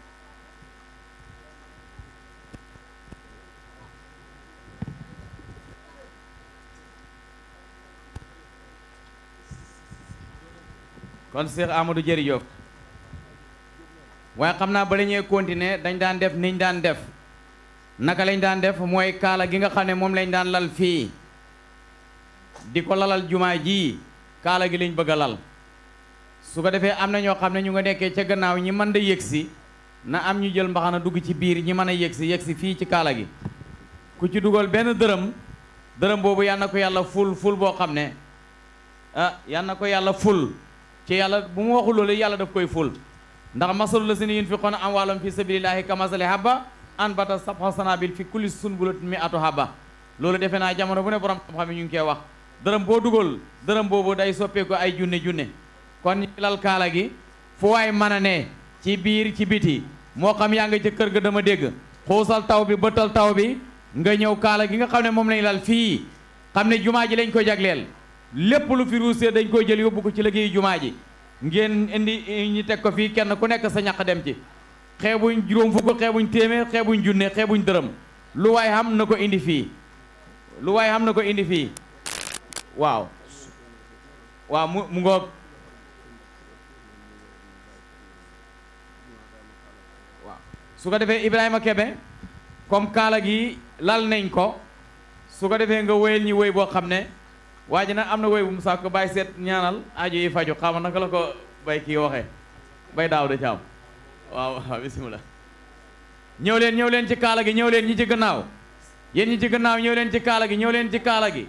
kon Cheikh Amadou Diary Diop waaye xam naa bala continuer dañ dan def niñ dan def naka lañ dan def moy kala gi nga xam mom lañ dan lal fi di lalal jumaa ji kaala gi liñ bëgg lal su ko defee am na ñoo xam ne ñu nga nekkee ca gannaaw ñi man da yëg si na am ñu jël mbaxana dugg ci biir ñi mën a yëg si yëg si fii ci kaala gi ku ci dugal benn dërëm dërëm boobu yal na ko yàlla ful ful boo xam ne ah yal na ko yàlla ful ci yàlla bu mu waxu loolu yàlla daf koy ful ndax masalu la si ne yunfiquuna amwaalahum fi sabilillahi kamasali habba anbata sab'a sanaabil fi kulli sunbulatin mi'atu habba loolu defe naa jamono bu ne borom xam-xam ñu ngi koy wax dërëm boo dugal dërëm boobu day soppeeku ay junne junne kon ñu lal kala gi fo ay manane ne ci biir ci biti mo xam ya nga ci kër ga dama dégg xosal taw bi bëttal taw bi nga ñew kala gi nga xamne mom lañ lal fi xamne ne ji lañ ko jaglél lepp lu fi ruusee dañ koy jël yobbu ko ci liggéey jumaa ji ngeen indi eh, ñi tek ko fi kenn ku nekk sa ñaq dem ci juroom fu ko xébuñ témé xébuñ junne xébuñ dërëm lu way xam nako indi fi lu way xam nako indi fi waaw waaw mu ngok su ko defee Ibrahima Kebe comme kaala gi lal nañ ko su ko defee nga wéyal ñi wéy boo xam ne waaj na am na wéy bu mu sàkk baay seet ñaanal aajo yi faju xaama naka la ko bay kii waxee bay daaw da caam waaw waaw bisimilah ñëw leen ñëw leen ci kaala gi ñëw leen ñi ci gannaaw yéen ñi ci gannaaw ñëw leen ci kaala gi ñëw leen ci kaala gi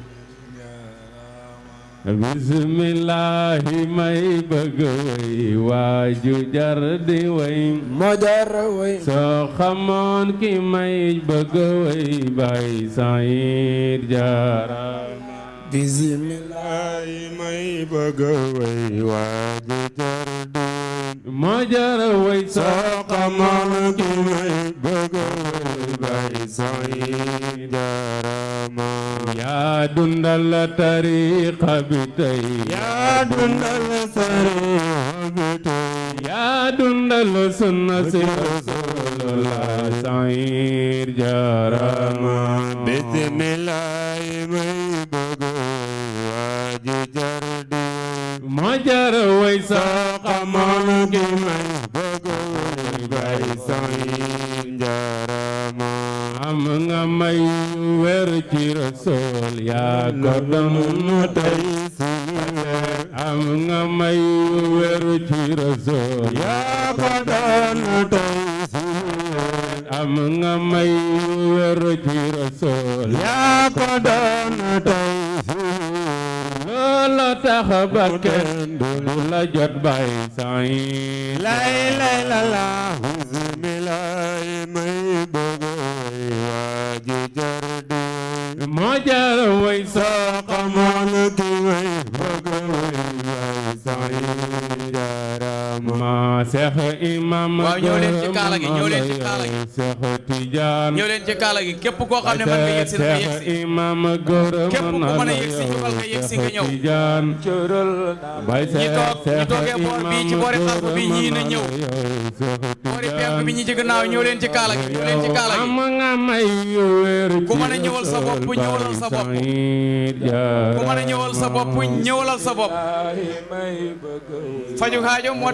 bismillahi may bëgg way waaju jar di way moo jar way soo xamoon ki may bëgg way bay sayid jarama bismillahi may bëgg way waaju jar di moo jar way soo xamoon ki may bëgg way البر سعيد رما يا دندل الطريق بتي يا دندل الطريق بتي يا دندل سنة رسول الله سعير جرما بسم الله مي بقوا جردي ما جرى ويساق مالك من may ko doonu tey suñu wér may wér ko doonu tey suñu wér may wér ko doonu tey suñu wér loola tax ba kenn du la jot bay sañ lay la la huzmi lay may ويساق معنك Seex Imam waaw ñëw leen ci kaala gi ñëw leen nga yegsi ñi toog ñi toogee ci boori xarfu bi ñii na ñëw boori penk bi ñi ci gannaaw ñëw ci kaala gi ci kaala gi ku mën sa bopp ñëwalal sa bopp ku mën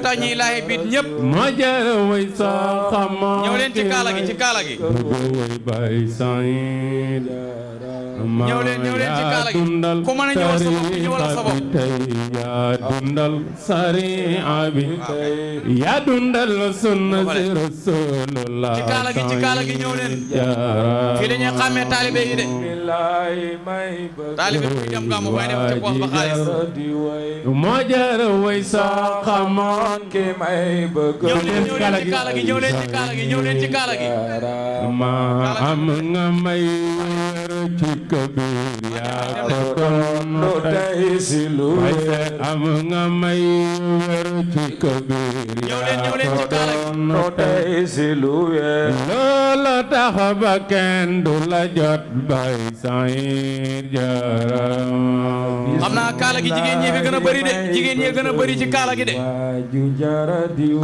a ñëwal billaahi biit ñëpp ma jara way sa xama ñëw leen ci kaala gi ci kaala gi way bay said ñëw leen ñëw leen ci kaala gi ku mën a ñëwal sa bopp ñëwal sa bopp yaa dundal sari abi yaa dundal sunna si rasulullah ci kaala gi ci kaala gi ñëw leen fii dañuy xàmmee taalibe yi de taalibe bi dem gàmmu bay dem ci poos ba xaalis moo jara way sa xama amna kala gi jigen ñi fi gëna bari de jigen ñi gëna bari ci kala gi de dara diw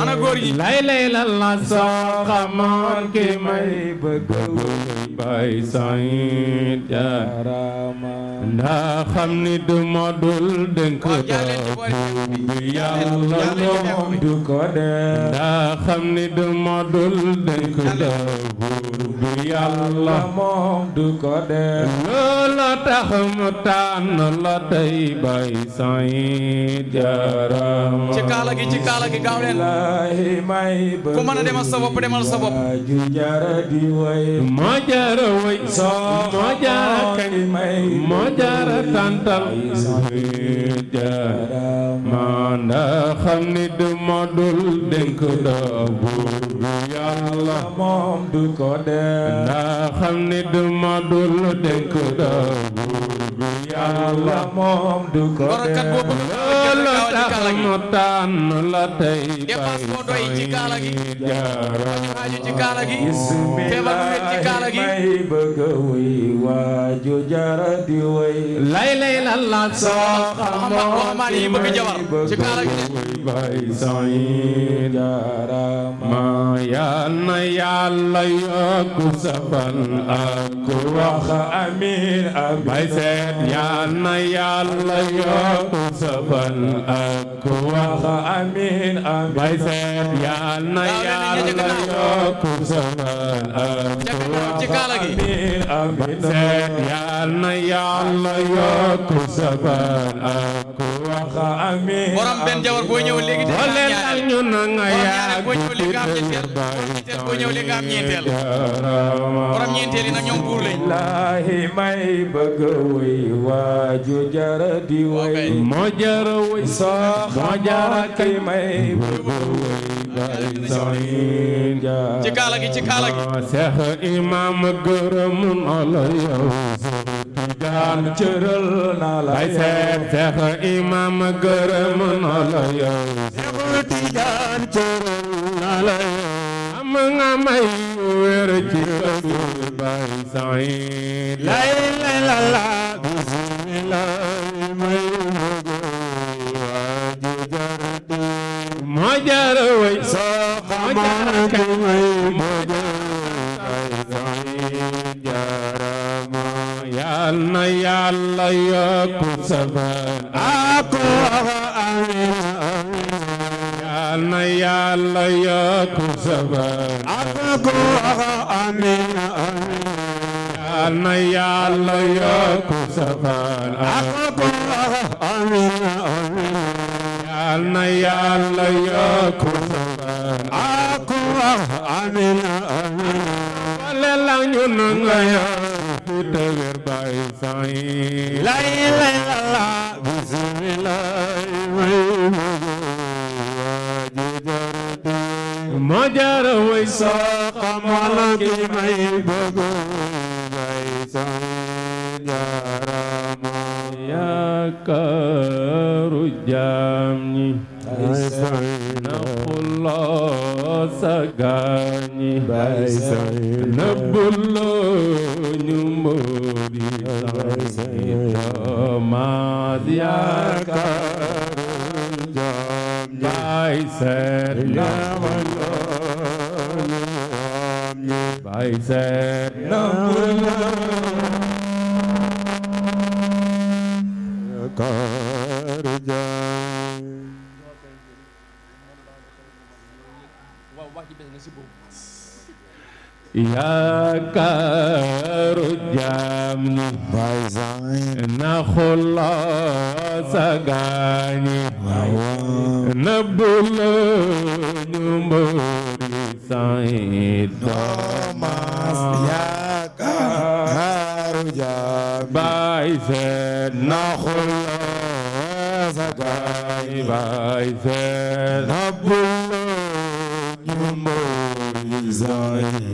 la la sax xamaan ki may bëgg bay sayid xam ni du ma dul dénk yàlla loo du ko dee ndaa du ma dul dénk tax mu tànn la tey bay sayid jarama gaaw leen ku mën a demal sa bopp demal sa bopp moo jaara way moo jaara kañ moo jaara tàntal maana xam ni du modul dénk doobu yàlla moom du ko dee ndax xam ni du modul dénk doobu yàlla moom du ko loolu tax mu tànn la tey dépense boo doy ci kaala gi aju ci kaala gi feebar bu ci kaala gi may bëgg wuy waaju jara lay lay la la soo xamoon waxamaan yi bëgg sa fan ak wax amin amin ñaan na yàlla yokku sa fan ak wax amiin amiin bay seet ñaan na yàlla yokku sa fan ak wax amiin amiin seet ñaan na yàlla yokku sa fan ak wax amiin borom benn jawar boo ñëw léegi te ñaanal ñu na nga yaa boo ñëw léegi am ñeenteel boo ñëw léegi am ñeenteel way waaju jara di way moo jara way moo jara kay may ci kaala gi ci kaala gi seex imaam gërëm na la yow daan cëral na la seex seex imaam gërëm na la yow daan cëral na la may wér ci bay sayin la la la البدوي ساق معك يا الله يا الله يا كسبان أقوى يا الله يا الله يا كسبان أمين يا الله يا الله يا كسبان أقوى أمين أمين yal na yàlla yokku fan ak wax amin amin wala la ñu nang la yokku te wér bay sayi lay lay la la bismillah may majo ma jar way saqa mala gi may bëgg bay sayi jarama yaakaar jaam ñi bay sañ na xulloo ñi bay sañ na bulloo ñu mbóori sañ itoo maas yaakaaru jaam ñi bay seet na xulloo ñu jaam ñi bay seet na xulloo yaakaaru jaam ñi na xuloo sa na bulu ñu mburi say doomas yaakaaru jaam baay seet na xuloo sa baay seet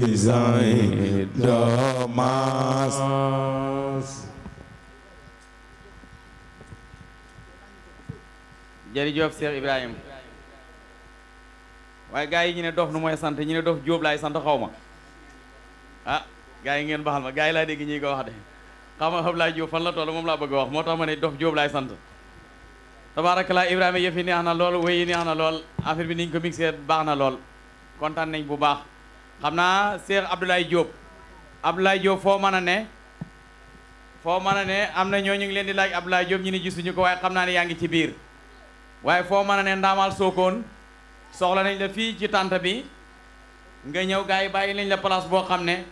design the mass. jërëjëf waaye gaa yi ñu ne dof nu mooy sant ñu ne dof jóob laay sant xaw ma ah gaa yi ngeen baxal ma gaa yi laa dégg ñuy ko wax de xaw ma xab laa jóob fan la toll moom laa bëgg a wax moo tax ma ne dof jóob laay sant tabaarakala Ibrahima yëf yi neex na lool wéy yi neex na lool affaire bi niñ ko mixé baax na lool kontaan nañ bu baax xam naa Cheikh Abdoulaye jóob Abdoulaye Diop foo mën a ne foo man a ne am na ñoo ñu ngi leen di laaj Abdoulaye jóob ñu ni gisuñu ko waaye xam naa ne yaa ngi ci biir waaye foo mën a ne ndaamal sookoon soxla nañ la fii ci tànt bi nga ñëw gars yi bàyyi nañ la place boo xam ne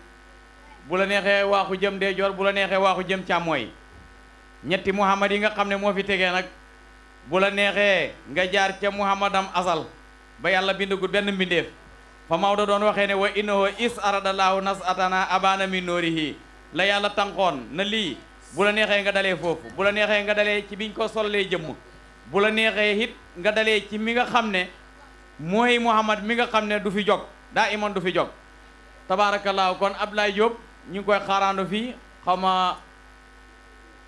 bu la neexee waaxu jëm ndeyjoor bu la neexee waaxu jëm càmmooy ñetti Muhammad yi nga xam ne moo fi tegee nag bu la neexee nga jaar ca Muhammadam asal ba yàlla bindagul benn mbindeef fa Maodo doon waxee ne wa innahu is aradallahu nas atana abana min nourihi la yàlla tànqoon na lii bu la neexee nga dalee foofu bu la neexee nga dalee ci biñ koo sollee jëmm bu la neexee it nga dalee ci mi nga xam ne mooy Muhammad mi nga xam ne du fi jog daa imoon du fi jog tabaarakallaahu kon Ablaye Diop ñu ngi koy xaaraandu fii xaw ma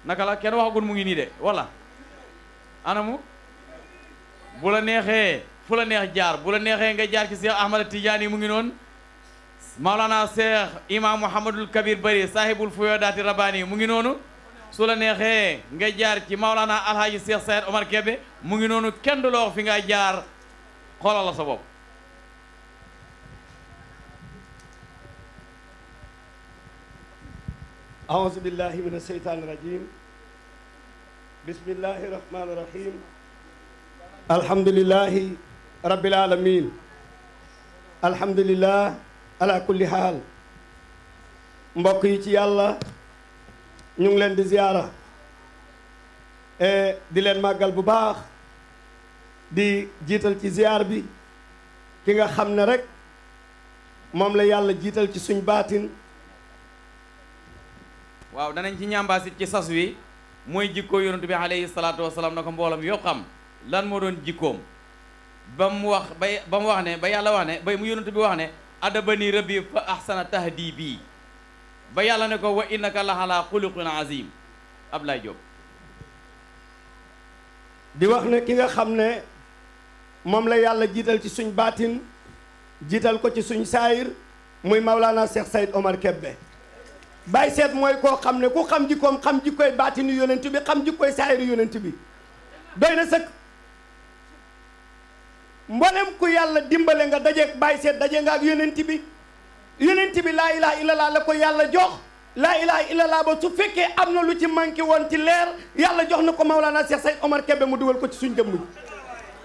naka la kenn waxagul mu ngi nii de wala anamu bu la neexee fu la neex jaar bu la neexee nga jaar ci Cheikh Ahmad Tidiane mu ngi noonu Maolana Cheikh Imam Mouhamadul Kabir Bari sahibul fuyoodaati rabani mu ngi noonu su la neexee nga jaar ci Maolana Alhaji Cheikh Sayed Omar Kebe mu ngi noonu kenn du la wax fi nga jaar xoolal la sa bopp. أعوذ بالله من الشيطان الرجيم بسم الله الرحمن الرحيم الحمد لله rabbil alamin alhamdulillah ala kulli haal mbokk yi ci yàlla ñu ngi leen di ziyaara e, di leen màggal bu baax di jiital ci ziyaar bi ki nga xam ne rek moom la yàlla jiital ci suñ baatin waaw danañ ci ñàmbaasit ci sas wi mooy jikkoo yonent bi alayhi salaatu wasalaam na ko mboolam yoo am lan moo doon jikkoom ba mu wax ba ba mu wax ne ba yàlla wax ne ba mu yonent bi wax ne adabani rabbi fa ahsana tahdi bii ba yàlla ne ko wa innaka laxalaa xuluqin azim Ablaye Diop di wax ne ki nga xam ne moom la yàlla jiital ci suñ baatin jiital ko ci suñ saayir muy Maulana Cheikh Saïd Omar Kebbe Baye Seet mooy koo xam ne ku xam jikkoom xam jikkoy baatinu yonent bi xam jikkoy saayiru yonent bi doy na sëkk mboolem ku yàlla dimbale nga dajeeg bàyyi seet daje nga ak yonent bi yonent bi laa ilaha illallah la ko yàlla jox laa ilaha illallah ba su fekkee am na lu ci manqué woon ci leer yàlla jox na ko Maolana Cheikh say Omar Kébé mu dugal ko ci suñ jëmm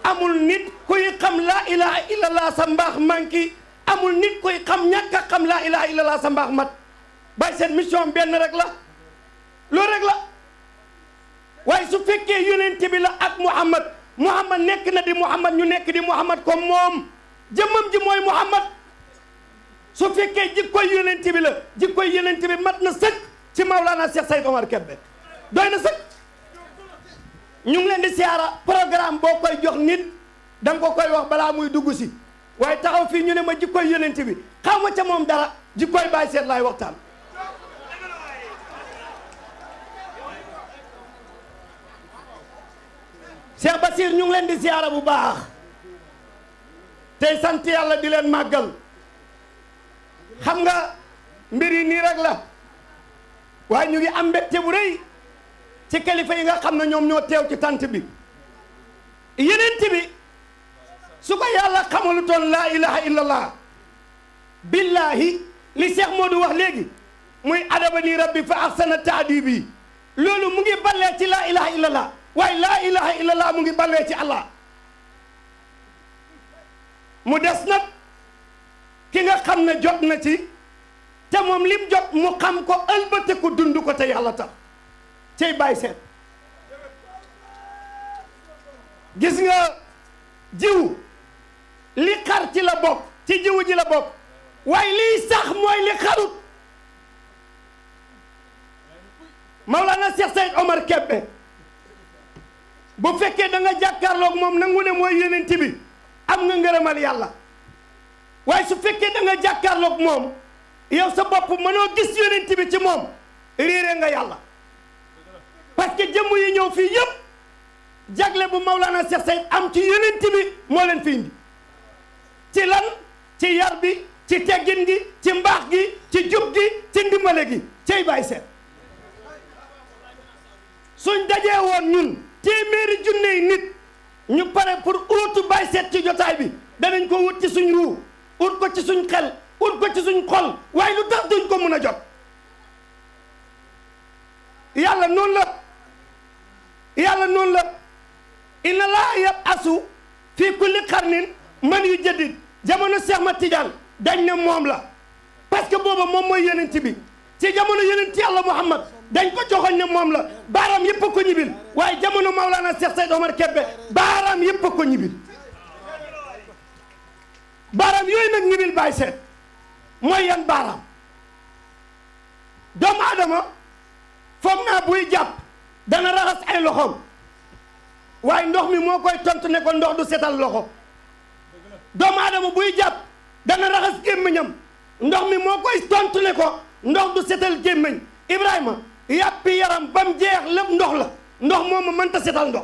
amul nit kuy xam laa ilaha illallah sa mbaax manqué amul nit kuy xam ñàkk a xam laa ilaha illallah sa mbaax mat bàyyi seen mission benn rek la loolu rek la waaye su fekkee yonent bi la ak Muhammad Muhammad nekk na di Muhammad ñu nekk di Muhammad comme moom jëmmam ji mooy Muhammad su fekkee jikkoy leen bi la jikkoy yonent bi mat na sëkk ci Maulana Cheikh Seyd Omar Kébé doy na sëkk ñu ngi leen di siyaara programme boo koy jox nit da nga ko koy wax balaa muy dugg si waaye taxaw fii ñu ne ma jikkoy yonent bi xaw ma ca moom dara jikkoy bàyyi seet laay waxtaan Cheikh Bassir ñu ngi leen di siyaara bu baax tey sant yàlla di leen màggal xam nga mbir yi nii rek la waaye ñu ngi am mbégte bu rëy ci kalifa yi nga xam na ñoom ñoo teew ci tant bi yenent bi su ko yàlla xamalutoon laa ilaha illallah billahi li Cheikh du wax léegi muy adabani rabbi fa ahsana taadibi loolu mu ngi ballee ci laa ilaha illallah waaye laa ilaha illallah mu ngi ballee ci Allah mu des nag ki nga xam ne jot na ci te moom lim jot mu xam ko ëlbate ko dund ko te yàlla tax cay bàyyi seet gis nga jiw li xar ci la bokk ci jiwu ji la bokk waaye liy sax mooy li xarut Mawlana Cheikh Seyd Omar Kébé bu fekkee da nga jàkkaarloog moom nangu ne mooy yonent bi am nga ngërëmal yàlla waaye su fekkee da nga jàkkaarloog moom yow sa bopp mënoo gis yonent bi ci moom réere nga yàlla parce que jëmm yi ñëw fii yëpp jagle bu Maulana Cheikh Seyd am ci yonent bi moo leen fi indi ci lan ci yar ci teggin gi ci mbaax gi ci jub gi ci ndimbale gi cay bàyyi seet suñ dajee ñun téeméeri junney nit ñu pare pour uutu Baye Seet ci jotaay bi danañ ko wut ci suñ ruu ut ko ci suñ xel ut ko ci suñ xol waaye lu tax duñ ko mun a jot yàlla noonu la yàlla noonu la inna laa yab asu fii kulli xarnin man yu jëddit jamono Cheikh ma Tidiane dañ ne moom la parce que booba moom mooy yeneen ci bi ci jamono yeneen ci yàlla Muhammad dañ ko joxon ne mom la baram yep ko ñibil waaye jamono Maulana Cheikh said Omar kebbe baram yep ko ñibil baram yoy nak ñibil bàyyi set moy yan baaraam doomu adama foog naa buy jàpp dana raxas ay loxom waaye ndox mi mo koy tont ne ko ndox du setal loxo doomu aadama buy jàpp dana raxas gémmiñam ndox mi mo koy tont ne ko ndox du setal gémmiñ Ibrahima yàppi yaram ba mu jeex lépp ndox la ndox moom ma mënta setal ndox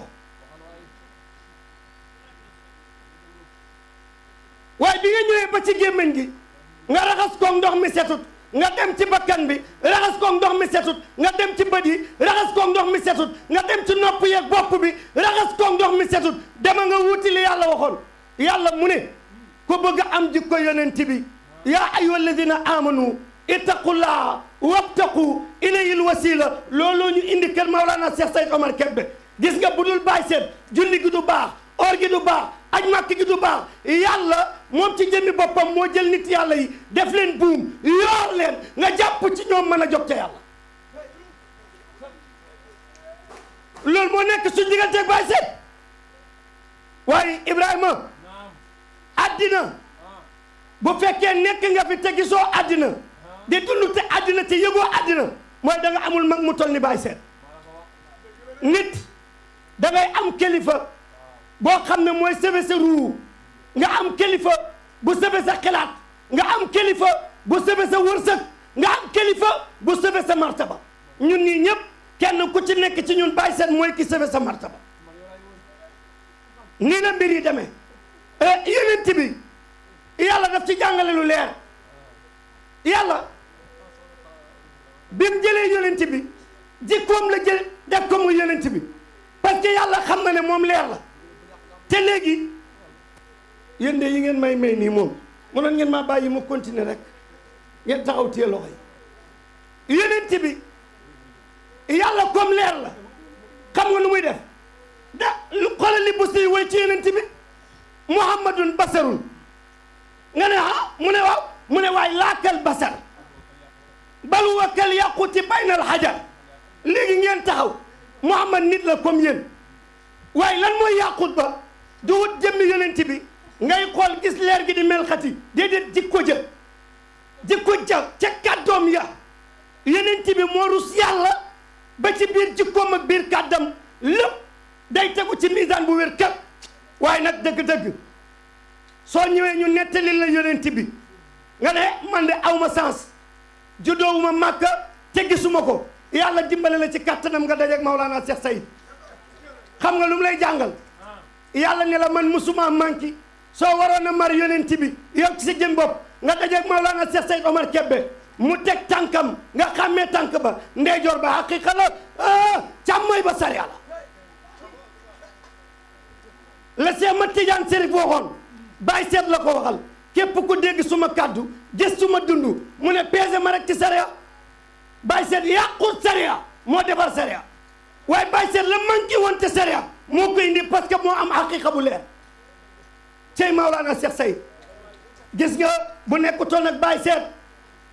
waaye bi nga ñëwee ba ci gémmiñ gi nga raxas ko ndox mi setut nga dem ci bakkan bi raxas ko ndox mi setut nga dem ci bët yi raxas ko ndox mi dem ci nopp yeeg bopp bi raxas ko ndox mi setut dama nga wuti li yàlla waxoon yàlla mu ne ku bëgg am jikko yonent bi yaa ayyuha alladina amanu ittaqullaha wabtaqu ilayhil wasila looloo ñu indi kër Maolana Cheikh Sayd Omar Kébé gis nga bu dul bàyyi julli gi du baax or gi du baax aj màkk gi du baax yàlla moom ci jëmmi boppam moo jël nit yàlla yi def leen buum yoor leen nga jàpp ci ñoom mën a jog ca yàlla loolu moo nekk suñu digganteeg bàyyi seet waaye Ibrahima addina bu fekkee nekk nga fi te gisoo addina di dund te àddina te yëgoo àddina mooy da amul mag mu toll ni bàyyi seet nit da am kilifa boo xam ne mooy sëbe sa ruu nga am kilifa bu sëbe sa xalaat nga am kilifa bu sëbe sa wërsëg nga am kilifa bu sëbe sa martaba ñun ñii ñëpp kenn ku ci nekk ci ñun bàyyi seet mooy ki sëbe sa martaba nii la mbir yi demee eh, yonent bi yàlla daf ci jàngale lu leer yàlla bim jele yonenti bi di kom la jele def ko muy yonent bi parce que yàlla xam na ne mom leer la te léegi yende yi ngeen may may ni mom mo non ngeen ma bàyyi mu continuer rek ngeen taxaw téye loxoy yonenti bi yàlla kom leer la xam nga nu muy def da lu xoolal li bés yi woy ci yonenti bi muhammadun basarun nga ne ah mu ne waaw mu ne waay laakal basar بل huwa kal بين الحجر al xajar léegi ngeen taxaw Muhammad nit la comme yéen waaye lan mooy yaqut ba du wut jëmmi ngay xol gis leer gi di mel xati déedéet jikko ja jikko ja ci kaddom ya yonent bi mo rus yàlla ba ci bir jikkoom ak bir kàddam lépp day teggu ci mizan bu wér kep way nak deug deug so ñewé ñu netali la yonent bi nga ne man de awma sens juddoowuma màkka te gisuma ko yàlla dimbale la ci kattanam nga dajeeg Maulana Cheikh Sayid xam nga lu mu lay jàngal yàlla ne la man musuma manki soo waroon a mar yonent bi yokk si jën bopp nga dajeeg Maulana Cheikh Sayid Omar Kebbe mu teg tànkam nga xàmmee tànk ba ndeyjoor ba haqiqa la ah, càmmooy ba sariya la la Cheikh ma Tidiane Serif waxoon bàyyi seet la ko waxal képp ku dégg suma kàddu gis suma dund mu ne peese ma rek ci sariya bàyyi seet yàqut sariya moo defar sariya waaye bàyyi seet la manqué woon ci sariya moo ko indi parce que moo am xaqiqa bu leer cey Maolana Cheikh Say gis nga bu nekkutoon nag bàyyi seet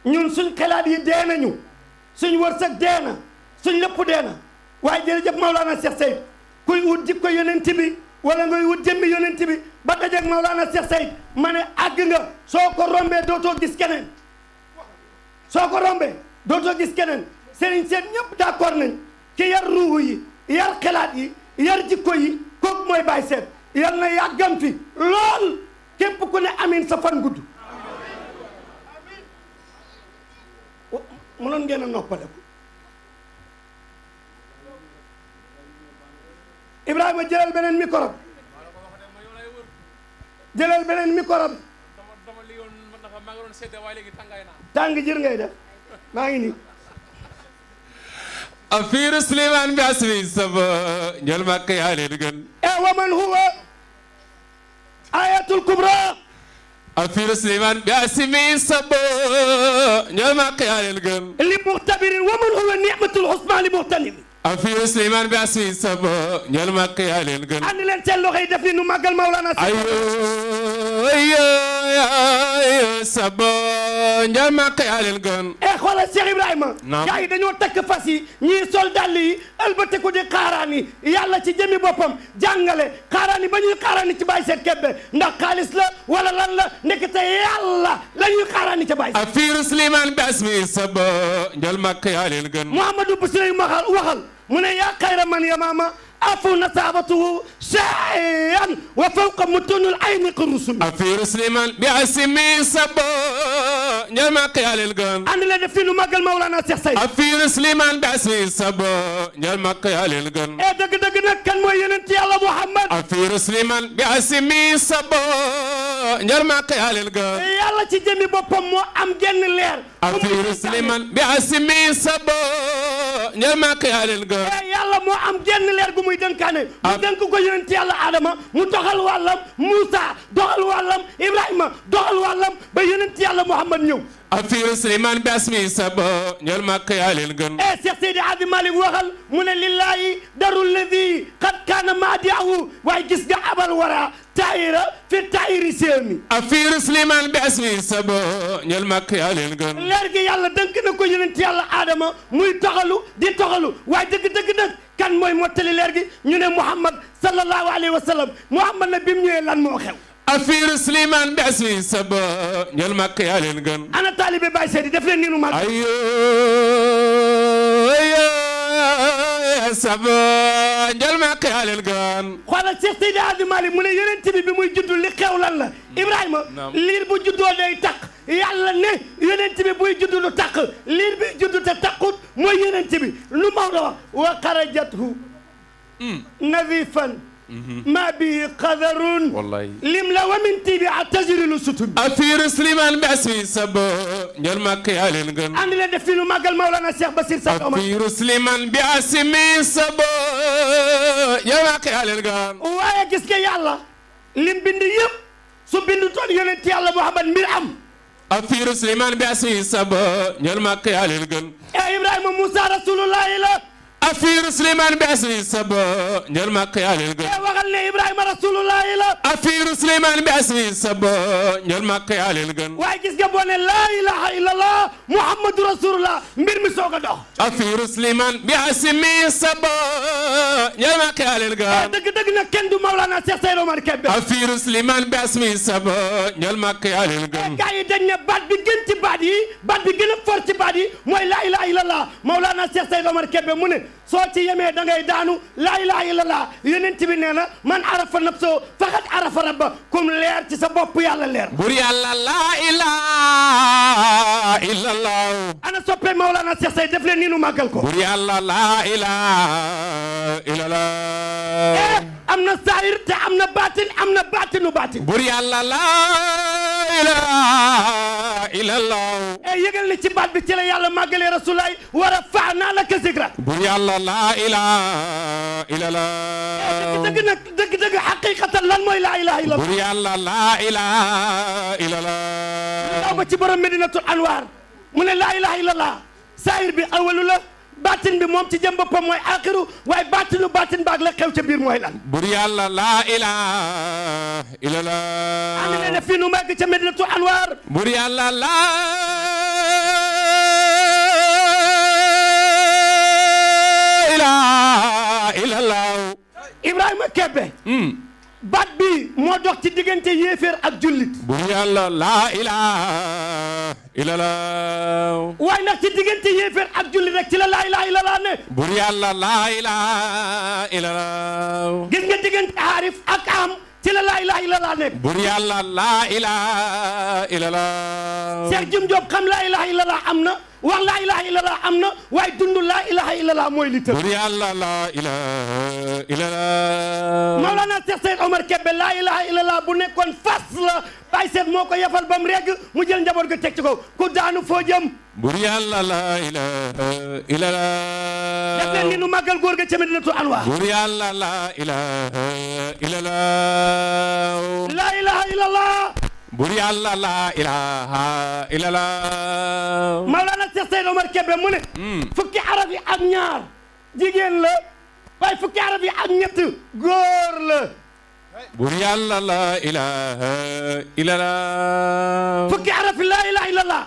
ñun suñ xalaat yi dee nañu suñ wërsëg dee na suñ lépp dee na waaye jërëjëf Maolana Cheikh Say kuy ut jikko yonent wala ngay wut jëmmi yonent bi ba dajeeg Maulana Cheikh Saïd ma ne àgg nga soo ko rombee dootoo gis keneen soo ko rombee dootoo gis keneen sëriñ seen ñëpp d'accord nañ ci yar ruuhu yi yar xelaat yi yar jikko yi kooku mooy Baye Seex yal na yàggam lool képp ku ne amin sa fan gudd إبراهيم جلال beneen micro جلال jëlal beneen تانغ bi ده ما ngay أفير سليمان بأسمي سب جل ما يا ليرجن إيه ومن هو آية الكبرى أفير سليمان بأسمي جل ما مكة يا اللي لمغتبر ومن هو النعمة العظمى لمغتنم أفي سليمان بأسي سبو نيال ما قيال الجن أنا لن تلو غيدا في نو مقال مولانا سبو أيو أيو أيو سبو نيال ما قيال الجن إخوة إيه السيخ إبراهيم نعم جاي دنيو تكفاسي ني سولدالي البتكو دي قاراني يالا تي بوبم جانغالة قاراني بني قاراني تباي سيد كبه لا ولا لن لا نكتا يالا لن يو قاراني تباي سيد أفي سليمان بأسي سبو ما قيال الجن محمد بسليم مخال وخال من يا خير من يا ماما أفو نصابته شاعيا وفوق متون العين قرسم أفير سليمان بعسمي سبو نعم قيال القم أنا لا دفين ما قال مولانا شيخ أفير سليمان بعسمي سبو نعم قيال القم إيه دق دق نكن وين أنت يا الله محمد أفير سليمان من بعسمي سبو نما قيال إيه يا الله تجمي بابا مو أم جن الليل afir sliman bi asmi sabo ñamak yalel ga eh, yàlla moo am genn leer gu muy dënkaane mu dënk ko yonent yàlla adama mu doxal wàllam Moussa doxal wàllam doxal wàllam ba yonent yàlla Muhammad ñëw afir sliman bi asmi sabo ñamak yalel eh, waxal mu ne lillahi darul ladhi qad kana maadiahu waaye wara تايرة في تايري سيمي أفير سليمان بأسمي سبو نيال مكيا للغن لارك يالا دنك نكو ينتي يالا آدم موي تغلو دي تغلو واي دك دك دك كان موي موتلي لارك نيني محمد صلى الله عليه وسلم محمد نبيم نيوي لان موخيو أفير سليمان بأسمي سبو نيال مكيا للغن أنا طالبي باي سيدي دفلين نينو مالك أيو أيو saba njël ma xaalel gaan xoolal Cheikh Seydi Hadji Malick mu ne yeneen bi bi muy juddu li xew lan la mm. Ibrahima liir bu juddoo day takk yàlla ne yeneen bi buy juddu lu takk liir bi juddu te takkut mooy yeneen bi lu Maodo wax wa xarajathu mm. nazifan ما به قذر والله لملا ومن تبع تجر لستب اثير سليمان باسي سبو نير مكي الين انا لا دفين دفيلو قال مولانا شيخ بصير سب اثير سليمان بعسي مي سبو يا مكي الين واي غيس يالا لم بند ييب سو بند تون يونت يالا محمد مير اثير سليمان باسي سبو نير مكي الين اي ابراهيم موسى رسول الله لا أفير سليمان بأسني سبا نير ما قيال القلب وغلنا إبراهيم رسول الله إلا أفير سليمان بأسني سبا نير ما قيال القلب واجس قبوان لا إله إلا الله محمد رسول الله مير مسوق دو أفير سليمان بأسني سبا نير ما قيال القلب دق دق نكندو مولانا سيسيرو مركب أفير سليمان بأسني سبا نير ما قيال القلب كاي دنيا بعد بجنتي بعدي بعد بجنب فرتي بعدي مو لا إله إلا الله مولانا سيسيرو مركب منه صوتي يمي دا غاي دانو لا اله الا الله يونتي بي من عرف نفسه فقد عرف ربه كوم لير تي سا لير بور يالا لا اله الا الله انا سوبي مولانا سي سي ديف لي نينو ماغال كو بور يالا لا اله الا الله امنا ساير تي امنا باتين امنا باتين وباتين بور يالا لا لا اله الا الله اي يغل ني سي بات بي تي لا يالا ماغالي رسول الله ورفعنا لك ذكرك بور يالا لا إلا إلا لا إله دق دق دق حقيقة لا لا إلا إلا لا بري الله لا إله إلا لا أبى تبرم مدينة الأنوار من لا إلا إلا لا سائر بأول لا باتن بموم تجنب بموم آخره واي باتن وباتن بعلا كيف تبير مهلا بري الله لا إله إلا لا أمين أنا في نومك تجنب مدينة الأنوار بري الله لا laa ilaaha illallaah Ibrahima Kebe. baat bi moo dox ci diggante yéeféer ak jullit. buur yàlla laa ilaaha illallaah. waaye nag ci diggante yéeféer ak jullit rek ci la laa ilaaha illallaah ne. buur yàlla laa ilaaha illallaah. gis nga diggante Arif ak Am. ci la laa ilaaha illallaah nekk. bur yàlla laa ilaaha illallaah. Cheikh Jim Diop xam laa ilaaha illallaah am na. وان لا اله الا الله امنا واي لا اله الا الله موي ليتال لا لا اله الا الله مولانا سيد عمر كبه لا اله الا الله بو نيكون فاصل باي سيد موكو يفال بام ريغ مو كو تيك كو دانو فو جيم لا اله الا الله يا فني نو ماغال غورغا تيمي نتو انوا بوري الله لا اله الا الله لا اله الا الله وريا الله لا اله الا الله مولانا Cheikh Seydou Omar Kébé mu ne fukki arab yi ak ñaar jigéen la waaye fukki arab yi ak ñett góor la bur yàlla la ilaha illallah fukki arab yi la ilaha illallah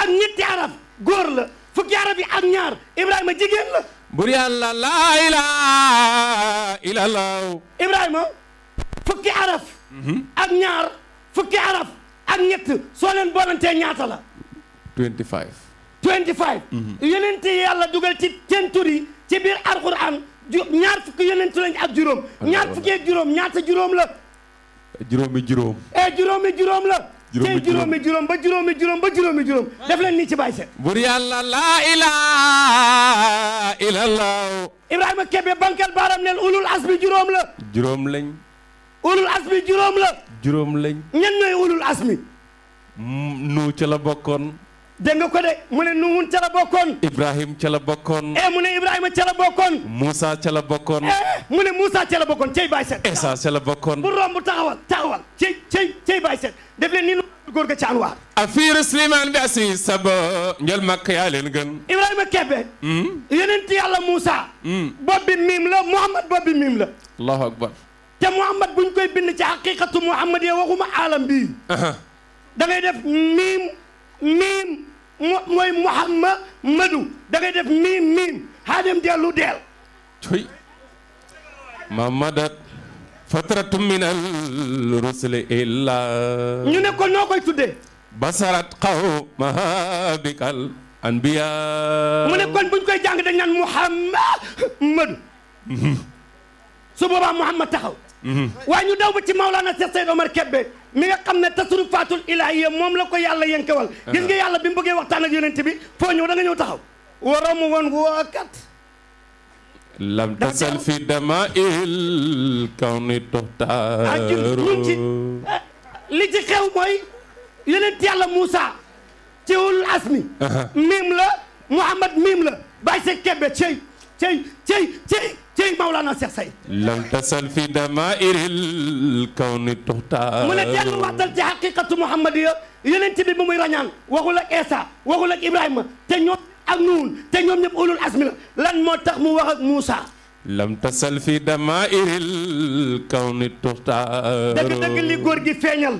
ak ñetti arab góor la fukki arab yi ak ñaar Ibrahima jigéen la bur yàlla la ilaha illallah Ibrahima fukki arab ak ñaar fukki araf ak ñett soo leen boolantee ñaata la. 25. 25. Mhm. yonent yàlla dugal ci seen tur yi ci biir alquran ju ñaar fukki yonent lañ ak juróom. ñaar fukki ak juróom ñaata juróom la. juróomi juróom. eh juróomi juróom la. juróomi juróomi juróom ba juróomi juróom ba juróomi juróom def leen nii ci bàyyi seet. bur yàlla laa ilaaha illallah. Ibrahima Kébé bankal baaram neen ulul asbi juróom la. juróom lañ. ulul asbi juróom lañ. ñan ñooy ulul asmi. Mm, nuu ca la bokkoon. dégg nga ko de mu ne Nuhun ca la bokkoon. Ibrahim ca la eh, mu ne Ibrahima ca la bokkoon. Moussa ca eh, mu ne Moussa ca la bokkoon cey baay seet. Esa ca la bokkoon. bu romb taxawal taxawal cey cey cey baay seet def leen ni nu góor ga ca anwaar. afiiru Slimaan bi asi sabo njol makk yaa leen gën. Ibrahima Kebe. Hmm? yonent yàlla Moussa. Hmm? bopp bi miim la Mouhamad bopp miim la. allahu akbar. te Muhammad buñ koy bind ci haqiqatu Muhammad ya waxuma alam bii. da def miim miim mu mooy Muhammad Madu da miim miim xaadim dellu deel. tuy mamadat fatratum min al rusli ne ko noo koy tuddee. basarat mu ne kon buñ koy jàng dañ naan Muhammad taxaw. waaye ñu daw ba ci Maulana Cheikh Seyd Omar Kebbe mi nga xam ne tasrufaatul ilaahiya moom la ko yàlla yënkewal gis nga yàlla bi mu bëggee waxtaan ak yonent bi foo ñëw da ñëw taxaw waram woon wookat lam tasal fi dama il kaw ni li ci xew mooy yonent yàlla Moussa ci wul asmi miim la Mouhamad miim la bàyyi sa Kebbe cey cey cey cey cey Mawlana Cheikh Say lam tasal fi damairil kawni tuxtaar mu ne dellu waxtal ci xaqiqatu muhammadiya yeneen ci bi mu muy rañaan waxul ak Esa waxul ak Ibrahima te ñoom ak nuun te ñoom ñëpp ulul asmi la lan moo tax mu wax ak Moussa lam tasal fi damairil kawni tuxtaar dëgg-dëgg li góor gi feeñal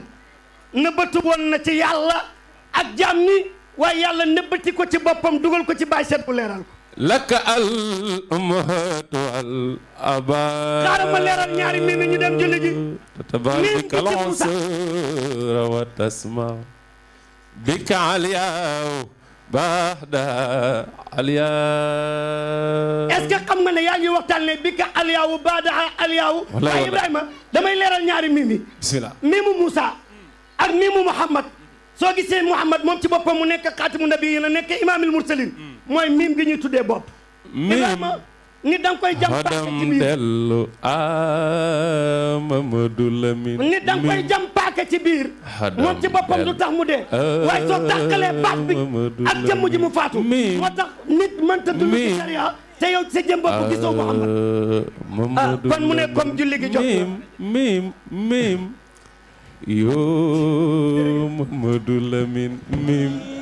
nëbbatu woon na ci yàlla ak jaam ñi waaye yàlla nëbbati ko ci boppam dugal ko ci bàyyi seet bu leeral ko laka al ummahaatu al abaa xaaral ma leeral ñaari mimi ñu dem julli ji tabaaraka al unsuur wa tasma bika aliyaaw baada aliyaaw est-ce que xam nga ne yaa ngi waxtaan ne bika aliyaaw baada aliyaaw waaye Ibrahima damay leeral ñaari mimi bismillah mimu Moussa ak mimu Muhammad soo gisee Muhammad moom ci boppam mu nekk xaatimu nabiyyiin nekk imaamil mursaliin mooy miim gi ñuy tuddee bopp. miim ni da nga koy jam paaka ci biir dellu Mamadou Lamine koy jam paaka ci biir moom ci boppam du tax mu dee waaye soo tàqalee baat bi ak jëmm ji mu faatu moo tax nit mënta dund ci sariya te yow sa jëm bopp gisoo Muhammad ah kon mu ne comme julli gi jot miim miim miim yoo Mamadou Lamine miim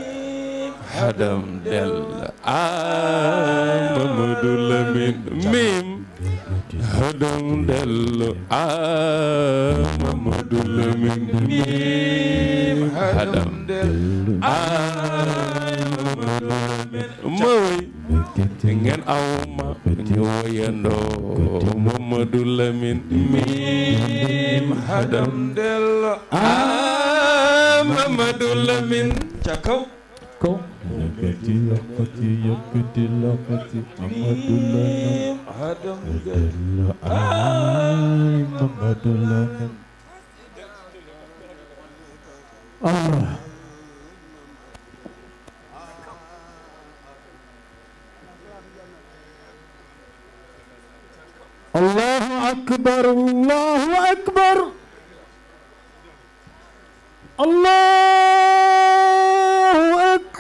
hadam del Amadou Lamine mim hadam del Amadou Lamine mim hadam del Amadou Lamine ma woy ngeen aw ma ñu woyandoo Mamadou Lamine mim hadam del Amadou Lamine ca kaw Kom. Ah. Allahu Akbar, Allahu Akbar. Allahu Akbar.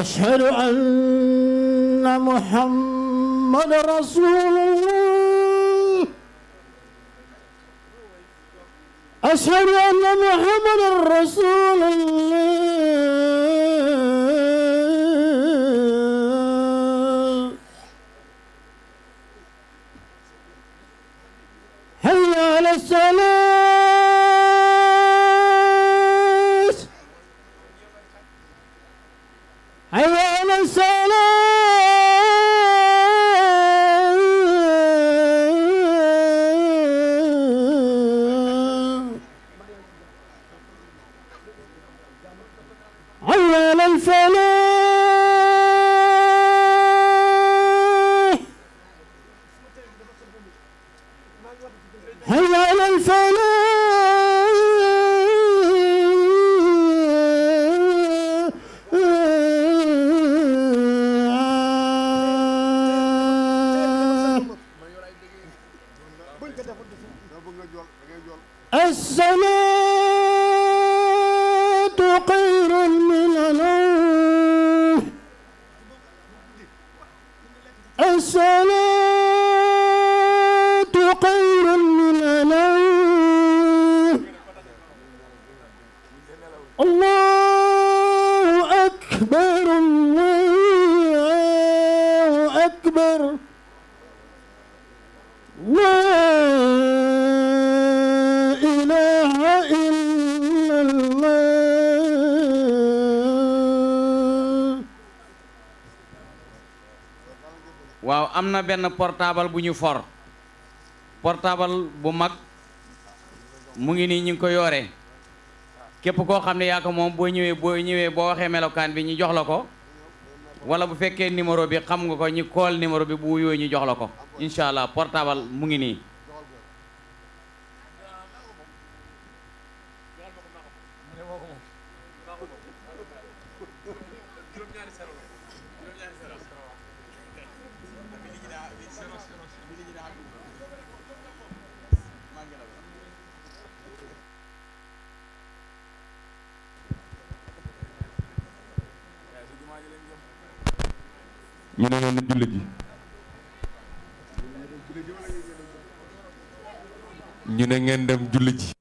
أشهد أن محمد رسول الله أشهد أن محمد رسول الله هيا على السلام الصلاة قيام amna na portable bu ñu for portable bu mag mu ngi ni ñu ko yoré képp ko xam ne yaa ko moom bo ñëwé bo ñëwee boo bi ñu jox la ko wala bu féké numéro bi xam nga ko ñu call numéro bi bu yoy ñu jox la ko portable mu ngi ni ngeen dem ji